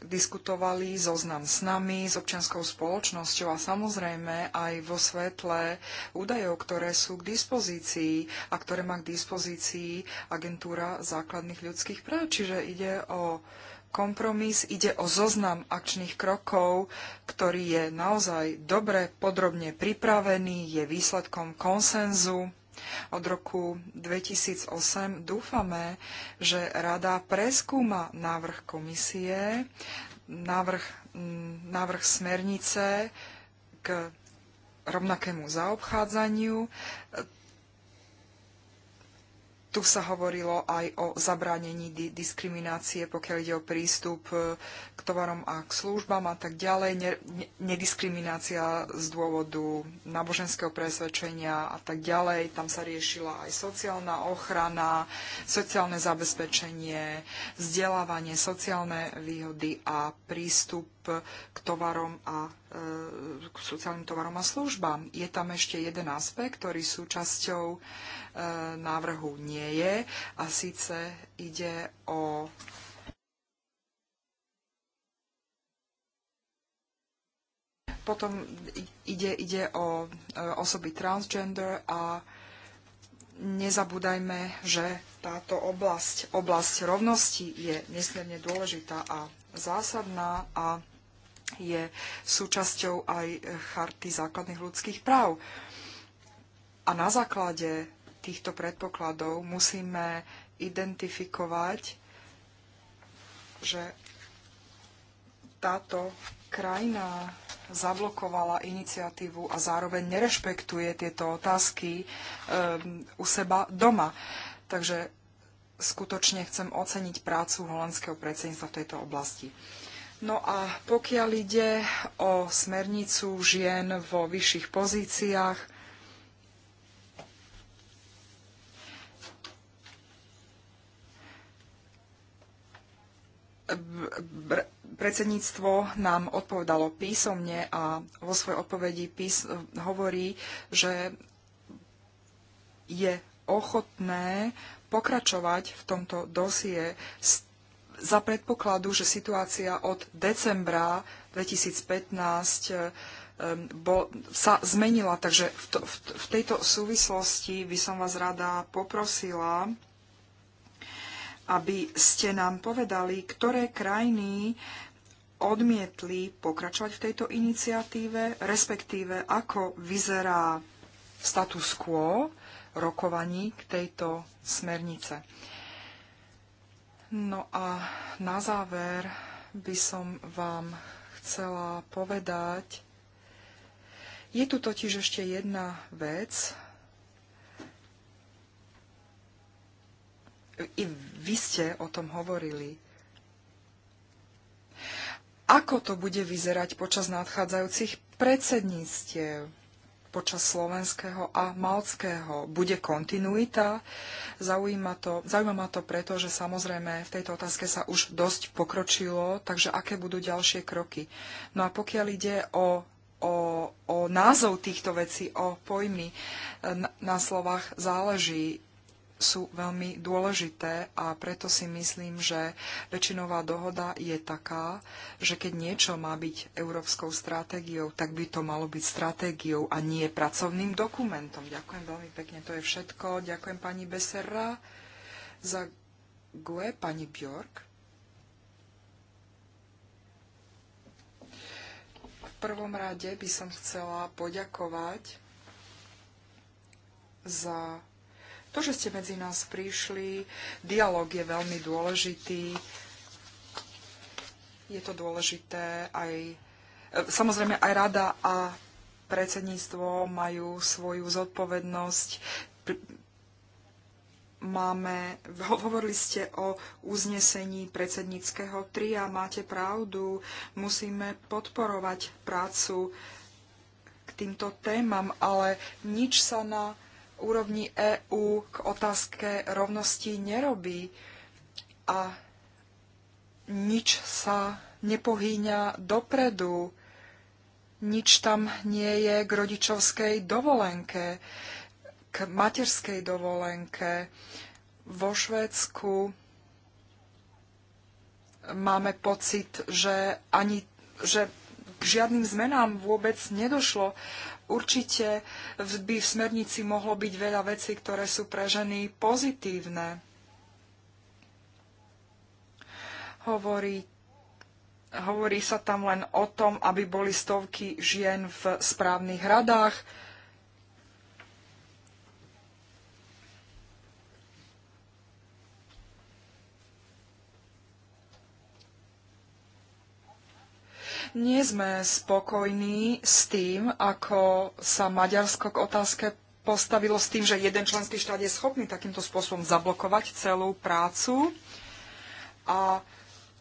Speaker 2: diskutovali zoznam s nami, s občianskou spoločnosťou a samozrejme aj vo svetle údajov, ktoré sú k dispozícii a ktoré má k dispozícii agentúra základných ľudských práv. Čiže ide o e, kompromis, ide o zoznam akčných krokov, ktorý je naozaj dobre, podrobne pripravený, je výsledkom konsenzu. Od roku 2008 dúfame, že Rada preskúma návrh komisie, návrh, mm, návrh smernice k rovnakému zaobchádzaniu. Tu sa hovorilo aj o zabránení di- diskriminácie, pokiaľ ide o prístup e, k tovarom a k službám a tak ďalej, ne- nediskriminácia z dôvodu náboženského presvedčenia a tak ďalej. Tam sa riešila aj sociálna ochrana, sociálne zabezpečenie, vzdelávanie, sociálne výhody a prístup k tovarom a e, k sociálnym tovarom a službám. Je tam ešte jeden aspekt, ktorý súčasťou e, návrhu nie je a síce ide o potom ide, ide o e, osoby transgender a nezabúdajme, že táto oblasť, oblasť rovnosti je nesmierne dôležitá a zásadná a je súčasťou aj charty základných ľudských práv. A na základe týchto predpokladov musíme identifikovať, že táto krajina zablokovala iniciatívu a zároveň nerešpektuje tieto otázky um, u seba doma. Takže skutočne chcem oceniť prácu holandského predsedníctva v tejto oblasti. No a pokiaľ ide o smernicu žien vo vyšších pozíciách, predsedníctvo nám odpovedalo písomne a vo svojej odpovedi pís- hovorí, že je ochotné pokračovať v tomto dosie s za predpokladu, že situácia od decembra 2015 eh, sa zmenila. Takže v, to, v, v tejto súvislosti by som vás rada poprosila, aby ste nám povedali, ktoré krajiny odmietli pokračovať v tejto iniciatíve, respektíve ako vyzerá status quo rokovaní k tejto smernice. No a na záver by som vám chcela povedať, je tu totiž ešte jedna vec. I vy ste o tom hovorili. Ako to bude vyzerať počas nadchádzajúcich predsedníctiev? počas slovenského a malckého. Bude kontinuita? Zaujíma, to, zaujíma ma to preto, že samozrejme v tejto otázke sa už dosť pokročilo, takže aké budú ďalšie kroky. No a pokiaľ ide o o, o názov týchto vecí, o pojmy. Na, na slovách záleží sú veľmi dôležité a preto si myslím, že väčšinová dohoda je taká, že keď niečo má byť európskou stratégiou, tak by to malo byť stratégiou a nie pracovným dokumentom. Ďakujem veľmi pekne, to je všetko. Ďakujem pani Beserra za GUE, pani Bjork. prvom rade by som chcela poďakovať za to, že ste medzi nás prišli, dialog je veľmi dôležitý. Je to dôležité aj... E, samozrejme, aj rada a predsedníctvo majú svoju zodpovednosť. Máme, hovorili ste o uznesení predsedníckého tri a máte pravdu, musíme podporovať prácu k týmto témam, ale nič sa na úrovni EÚ k otázke rovnosti nerobí a nič sa nepohýňa dopredu, nič tam nie je k rodičovskej dovolenke, k materskej dovolenke. Vo Švédsku máme pocit, že ani že k žiadnym zmenám vôbec nedošlo Určite by v smernici mohlo byť veľa vecí, ktoré sú pre ženy pozitívne. Hovorí, hovorí sa tam len o tom, aby boli stovky žien v správnych radách Nie sme spokojní s tým, ako sa Maďarsko k otázke postavilo s tým, že jeden členský štát je schopný takýmto spôsobom zablokovať celú prácu. A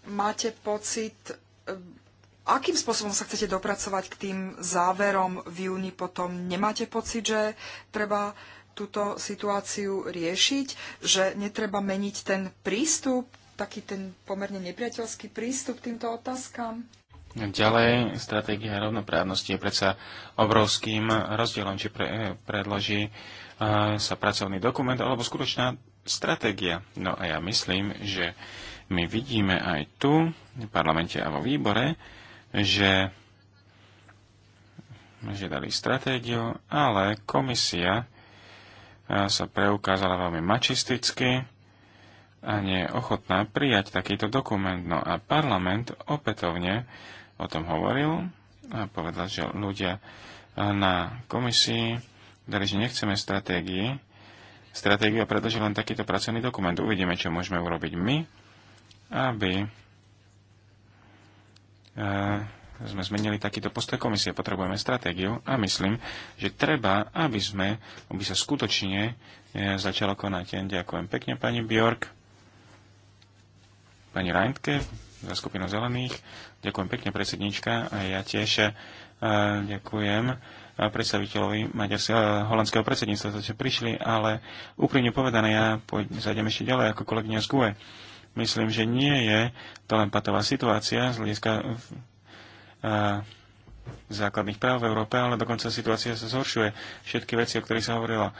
Speaker 2: máte pocit, eh, akým spôsobom sa chcete dopracovať k tým záverom v júni potom? Nemáte pocit, že treba túto situáciu riešiť, že netreba meniť ten prístup, taký ten pomerne nepriateľský prístup k týmto otázkam?
Speaker 3: Ďalej, stratégia rovnoprávnosti je predsa obrovským rozdielom, či pre, predloží uh, sa pracovný dokument alebo skutočná stratégia. No a ja myslím, že my vidíme aj tu, v parlamente a vo výbore, že, že dali stratégiu, ale komisia eh, sa preukázala veľmi mačisticky a nie je ochotná prijať takýto dokument. No a parlament opätovne o tom hovoril a povedal, že ľudia eh, na komisii dali, že nechceme stratégii, stratégiu a predložil len takýto pracovný dokument. Uvidíme, čo môžeme urobiť my, aby eh, sme zmenili takýto postoj komisie. Potrebujeme stratégiu a myslím, že treba, aby sme, aby sa skutočne eh, začalo konať. Ďakujem pekne, pani Bjork. Pani Reintke, za skupinu zelených. Ďakujem pekne, predsednička, a ja tiež e, ďakujem e, predstaviteľovi maďarského e, holandského predsedníctva, že prišli, ale úprimne povedané, ja zajdem ešte ďalej ako kolegyňa z GUE. Myslím, že nie je to len patová situácia z hľadiska základných práv v Európe, ale dokonca situácia sa zhoršuje. Všetky veci, o ktorých sa hovorilo, e,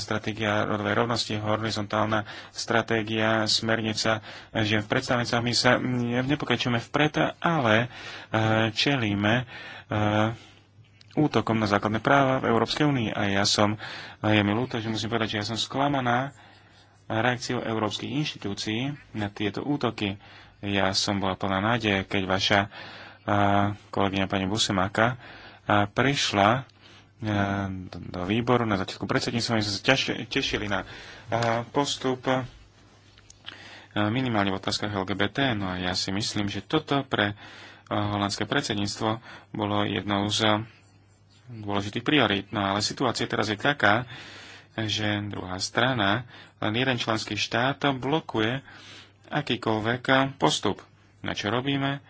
Speaker 3: stratégia rodovej rovnosti, horizontálna stratégia, smernica, že v predstavnicách my sa nepokračujeme vpred, ale e, čelíme e, útokom na základné práva v Európskej únii. A ja som, je mi ľúto, že musím povedať, že ja som sklamaná reakciou európskych inštitúcií na tieto útoky. Ja som bola plná nádeje, keď vaša kolegyňa pani Busemáka prišla e, do výboru na začiatku predsedníctva. My sme sa tešili na postup e, minimálne v otázkach LGBT. No a ja si myslím, že toto pre e, holandské predsedníctvo bolo jednou z dôležitých priorít. No ale situácia teraz je taká, že druhá strana, len jeden členský štát blokuje akýkoľvek postup. Na čo robíme?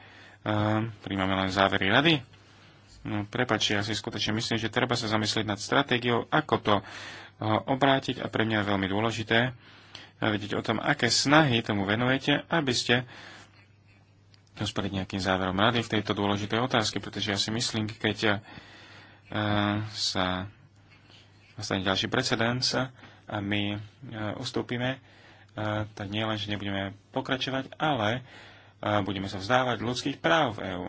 Speaker 3: príjmame len závery rady. No, prepači, ja si skutočne myslím, že treba sa zamyslieť nad stratégiou, ako to e, obrátiť a pre mňa je veľmi dôležité e, vedieť o tom, aké snahy tomu venujete, aby ste dospeli nejakým záverom rady v tejto dôležitej otázke, pretože ja si myslím, keď e, sa nastane ďalší precedens a my ustúpime, tak nie len, že nebudeme pokračovať, ale budeme sa vzdávať ľudských práv v EÚ.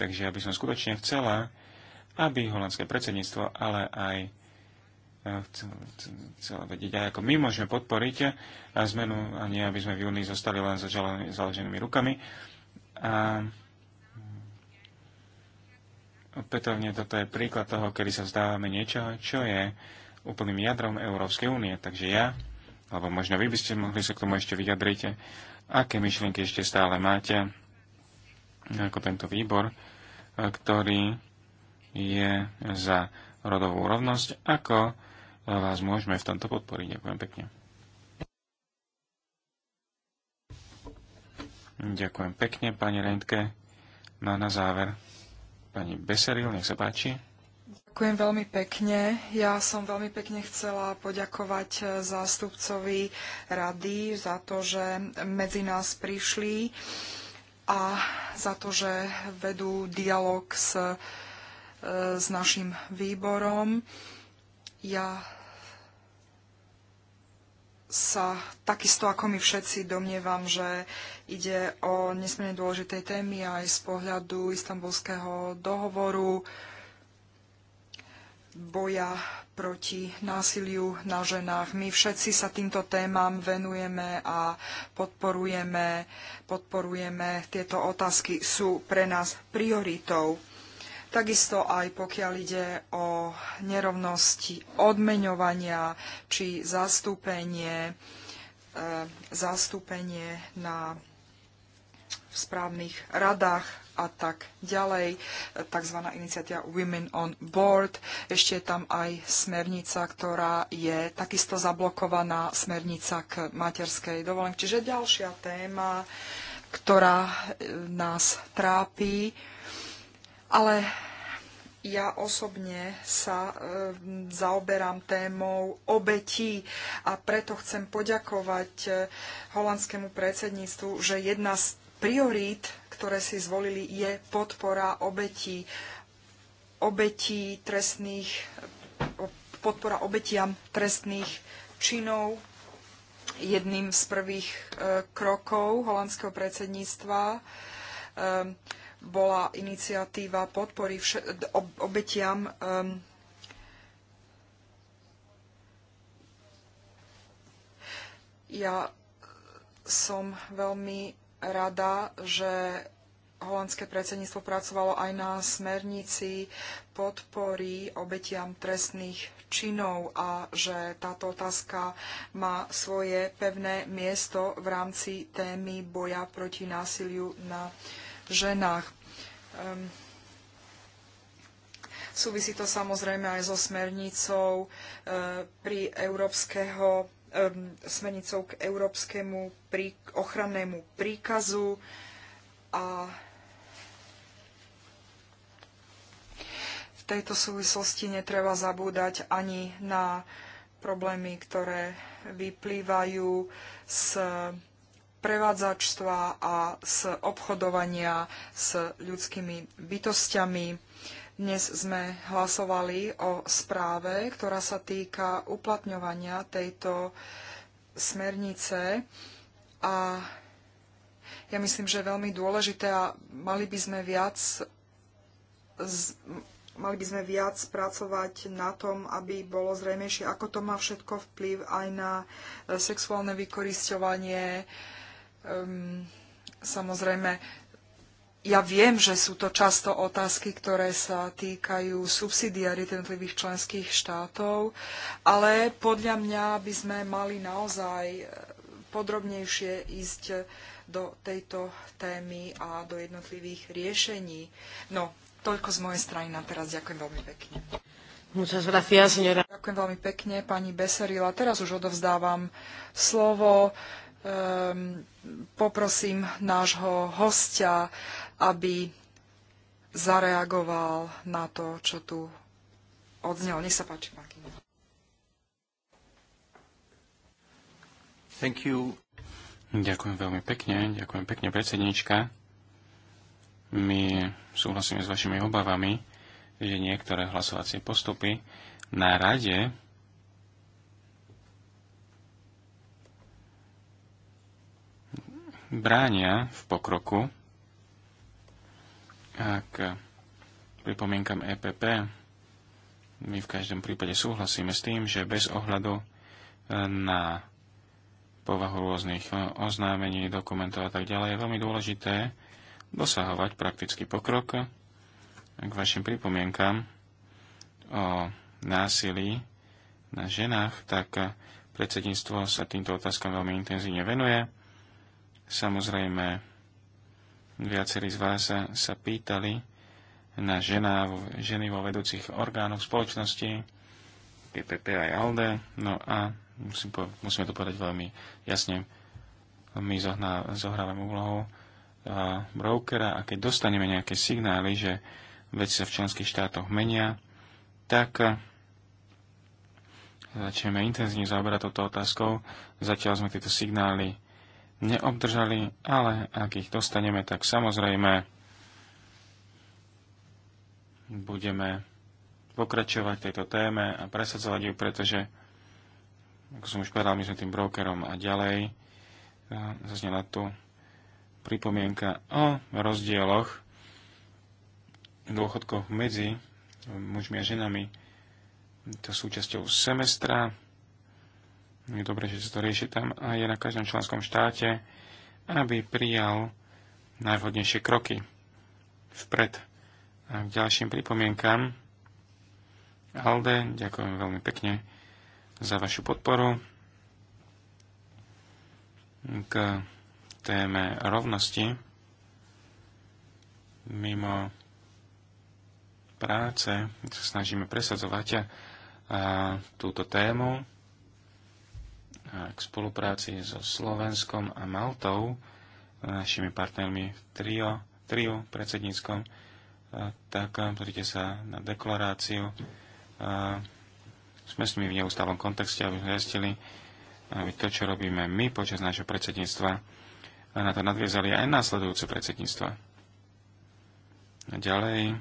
Speaker 3: Takže ja by som skutočne chcela, aby holandské predsedníctvo, ale aj e, chcela vedieť, aj ako my môžeme podporiť a e, zmenu, a nie aby sme v júni zostali len za založenými rukami. A opätovne toto je príklad toho, kedy sa vzdávame niečo, čo je úplným jadrom Európskej únie. Takže ja, alebo možno vy by ste mohli sa k tomu ešte vyjadriť, aké myšlienky ešte stále máte, ako tento výbor, e, ktorý je za rodovú rovnosť, ako e, vás môžeme v tomto podporiť. Ďakujem pekne. Ďakujem pekne, pani Rentke. No a na záver, pani Beseril, nech sa páči.
Speaker 2: Ďakujem veľmi pekne. Ja som veľmi pekne chcela poďakovať e, zástupcovi rady za to, že medzi nás prišli a za to, že vedú dialog s, e, s našim výborom. Ja sa takisto ako my všetci domnievam, že ide o nesmierne dôležitej témy aj z pohľadu istambulského dohovoru boja proti násiliu na ženách. My všetci sa týmto témam venujeme a podporujeme, podporujeme tieto otázky sú pre nás prioritou. Takisto aj pokiaľ ide o nerovnosti odmeňovania či zastúpenie, e, zastúpenie na v správnych radách a tak ďalej, tzv. iniciatíva Women on Board. Ešte je tam aj smernica, ktorá je takisto zablokovaná, smernica k materskej dovolenke. Čiže ďalšia téma, ktorá e, nás trápi. Ale ja osobne sa e, zaoberám témou obetí a preto chcem poďakovať e, holandskému predsedníctvu, že jedna z priorít ktoré si zvolili, je podpora obetí, obetí trestných, podpora obetiam trestných činov. Jedným z prvých e, krokov holandského predsedníctva e, bola iniciatíva podpory vše obetiam ja som veľmi rada, že holandské predsedníctvo pracovalo aj na smernici podpory obetiam trestných činov a že táto otázka má svoje pevné miesto v rámci témy boja proti násiliu na ženách. Um, súvisí to samozrejme aj so smernicou e, pri Európskeho smernicou k európskemu prí, ochrannému príkazu a v tejto súvislosti netreba zabúdať ani na problémy, ktoré vyplývajú z prevádzačstva a z obchodovania s ľudskými bytostiami. Dnes sme hlasovali o správe, ktorá sa týka uplatňovania tejto smernice a ja myslím, že je veľmi dôležité a mali by sme viac z, mali by sme viac pracovať na tom, aby bolo zrejmejšie, ako to má všetko vplyv aj na eh, sexuálne vykorisťovanie. Um, samozrejme, ja viem, že sú to často otázky, ktoré sa týkajú subsidiarity jednotlivých členských štátov, ale podľa mňa by sme mali naozaj podrobnejšie ísť do tejto témy a do jednotlivých riešení. No, toľko z mojej strany na teraz. Ďakujem veľmi pekne. Gracias, Ďakujem veľmi pekne, pani Beserila. Teraz už odovzdávam slovo. Ehm, poprosím nášho hostia, aby zareagoval na to, čo tu odznel. Nech sa páči, pán Kino. Thank you.
Speaker 3: Ďakujem veľmi pekne, ďakujem pekne predsednička. My súhlasíme s vašimi obavami, že niektoré hlasovacie postupy na rade bránia v pokroku ak k pripomienkam EPP, my v každom prípade súhlasíme s tým, že bez ohľadu e, na povahu rôznych e, oznámení, dokumentov a tak ďalej je veľmi dôležité dosahovať praktický pokrok k vašim pripomienkam o násilí na ženách, tak predsedníctvo sa týmto otázkam veľmi intenzívne venuje. Samozrejme, Viacerí z vás sa, sa pýtali na žena, ženy vo vedúcich orgánoch spoločnosti, PPP aj ALDE. No a musím, musíme to povedať veľmi jasne. My zohná, zohrávame úlohu a brokera a keď dostaneme nejaké signály, že veci sa v členských štátoch menia, tak začneme intenzívne zaoberať touto otázkou. Zatiaľ sme tieto signály neobdržali, ale ak ich dostaneme, tak samozrejme budeme pokračovať tejto téme a presadzovať ju, pretože, ako som už povedal, my sme tým brokerom a ďalej e, zaznela tu pripomienka o rozdieloch dôchodkoch medzi mužmi a ženami. To súčasťou semestra je dobré, že sa to rieši tam a je na každom členskom štáte, aby prijal najvhodnejšie kroky vpred. A k ďalším pripomienkam Alde, ďakujem veľmi pekne za vašu podporu k téme rovnosti mimo práce sa snažíme presadzovať a túto tému k spolupráci so Slovenskom a Maltou, e, našimi partnermi v trio, trio predsedníckom, e, tak e, pozrite sa na deklaráciu. Sme s nimi v neustálom kontexte, aby sme zistili, aby to, čo robíme my počas nášho predsedníctva, na to nadviezali aj následujúce predsedníctva. A ďalej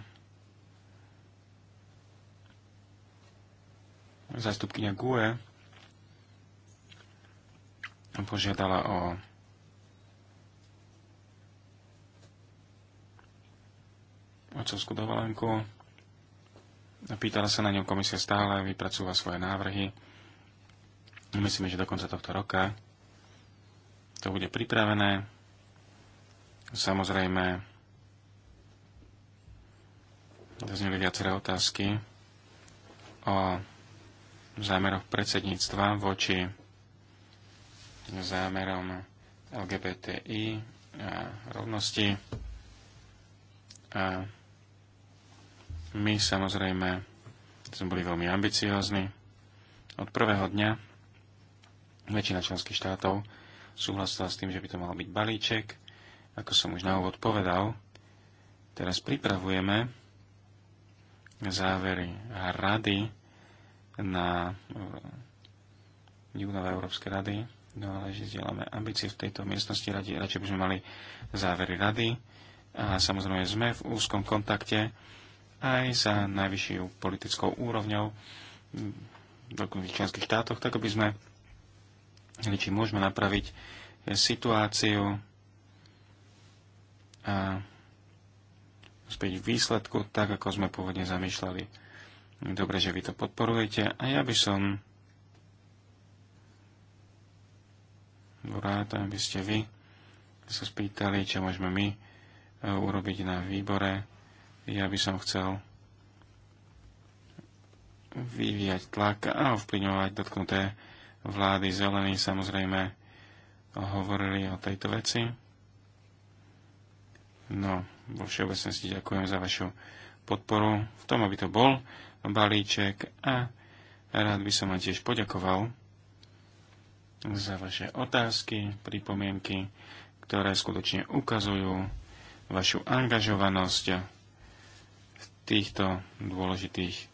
Speaker 3: zastupkynia GUE požiadala o otcovskú dovolenku. Pýtala sa na ňu komisia stále, vypracúva svoje návrhy. Myslíme, že do konca tohto roka to bude pripravené. Samozrejme, zazneli viaceré otázky o zámeroch predsedníctva voči zámerom LGBTI a rovnosti. A my samozrejme sme boli veľmi ambiciózni. Od prvého dňa väčšina členských štátov súhlasila s tým, že by to mal byť balíček. Ako som už na úvod povedal, teraz pripravujeme závery rady na e, júnové Európskej rady No ale že zdieľame ambície v tejto miestnosti radi, radšej by sme mali závery rady. A samozrejme sme v úzkom kontakte aj za najvyššou politickou úrovňou v členských štátoch, tak aby sme či môžeme napraviť situáciu a späť výsledku, tak ako sme pôvodne zamýšľali. Dobre, že vy to podporujete a ja by som No, rád, aby ste vy sa spýtali, čo môžeme my e, urobiť na výbore. Ja by som chcel vyvíjať tlak a ovplyvňovať dotknuté vlády. Zelení samozrejme hovorili o tejto veci. No, vo všeobecnosti ďakujem za vašu podporu v tom, aby to bol balíček a rád by som vám tiež poďakoval za vaše otázky, pripomienky, ktoré skutočne ukazujú vašu angažovanosť v týchto dôležitých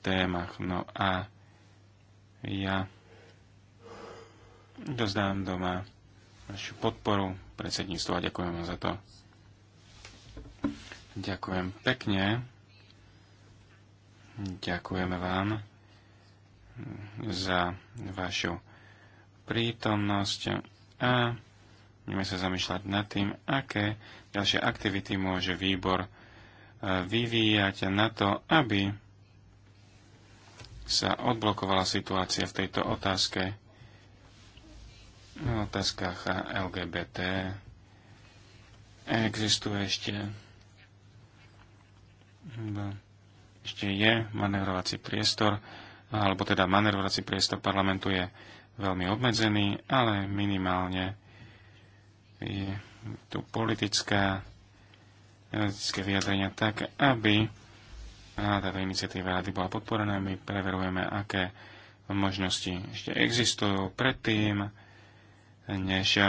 Speaker 3: témach. No a ja dozdám doma vašu podporu predsedníctvu a ďakujem vám za to. Ďakujem pekne. Ďakujeme vám za vašu prítomnosť a budeme sa zamýšľať nad tým, aké ďalšie aktivity môže výbor e, vyvíjať na to, aby sa odblokovala situácia v tejto otázke, na otázkach LGBT. Existuje ešte, ešte je manevrovací priestor, alebo teda manevrovací priestor parlamentu je veľmi obmedzený, ale minimálne je tu politická, politické vyjadrenia tak, aby táto iniciatíva rady bola podporená. My preverujeme, aké možnosti ešte existujú predtým, než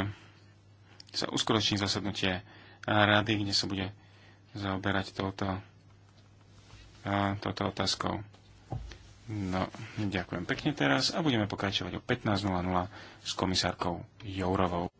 Speaker 3: sa uskutoční zasadnutie rady, kde sa bude zaoberať touto, touto otázkou. No, ďakujem pekne teraz a budeme pokračovať o 15.00 s komisárkou Jourovou.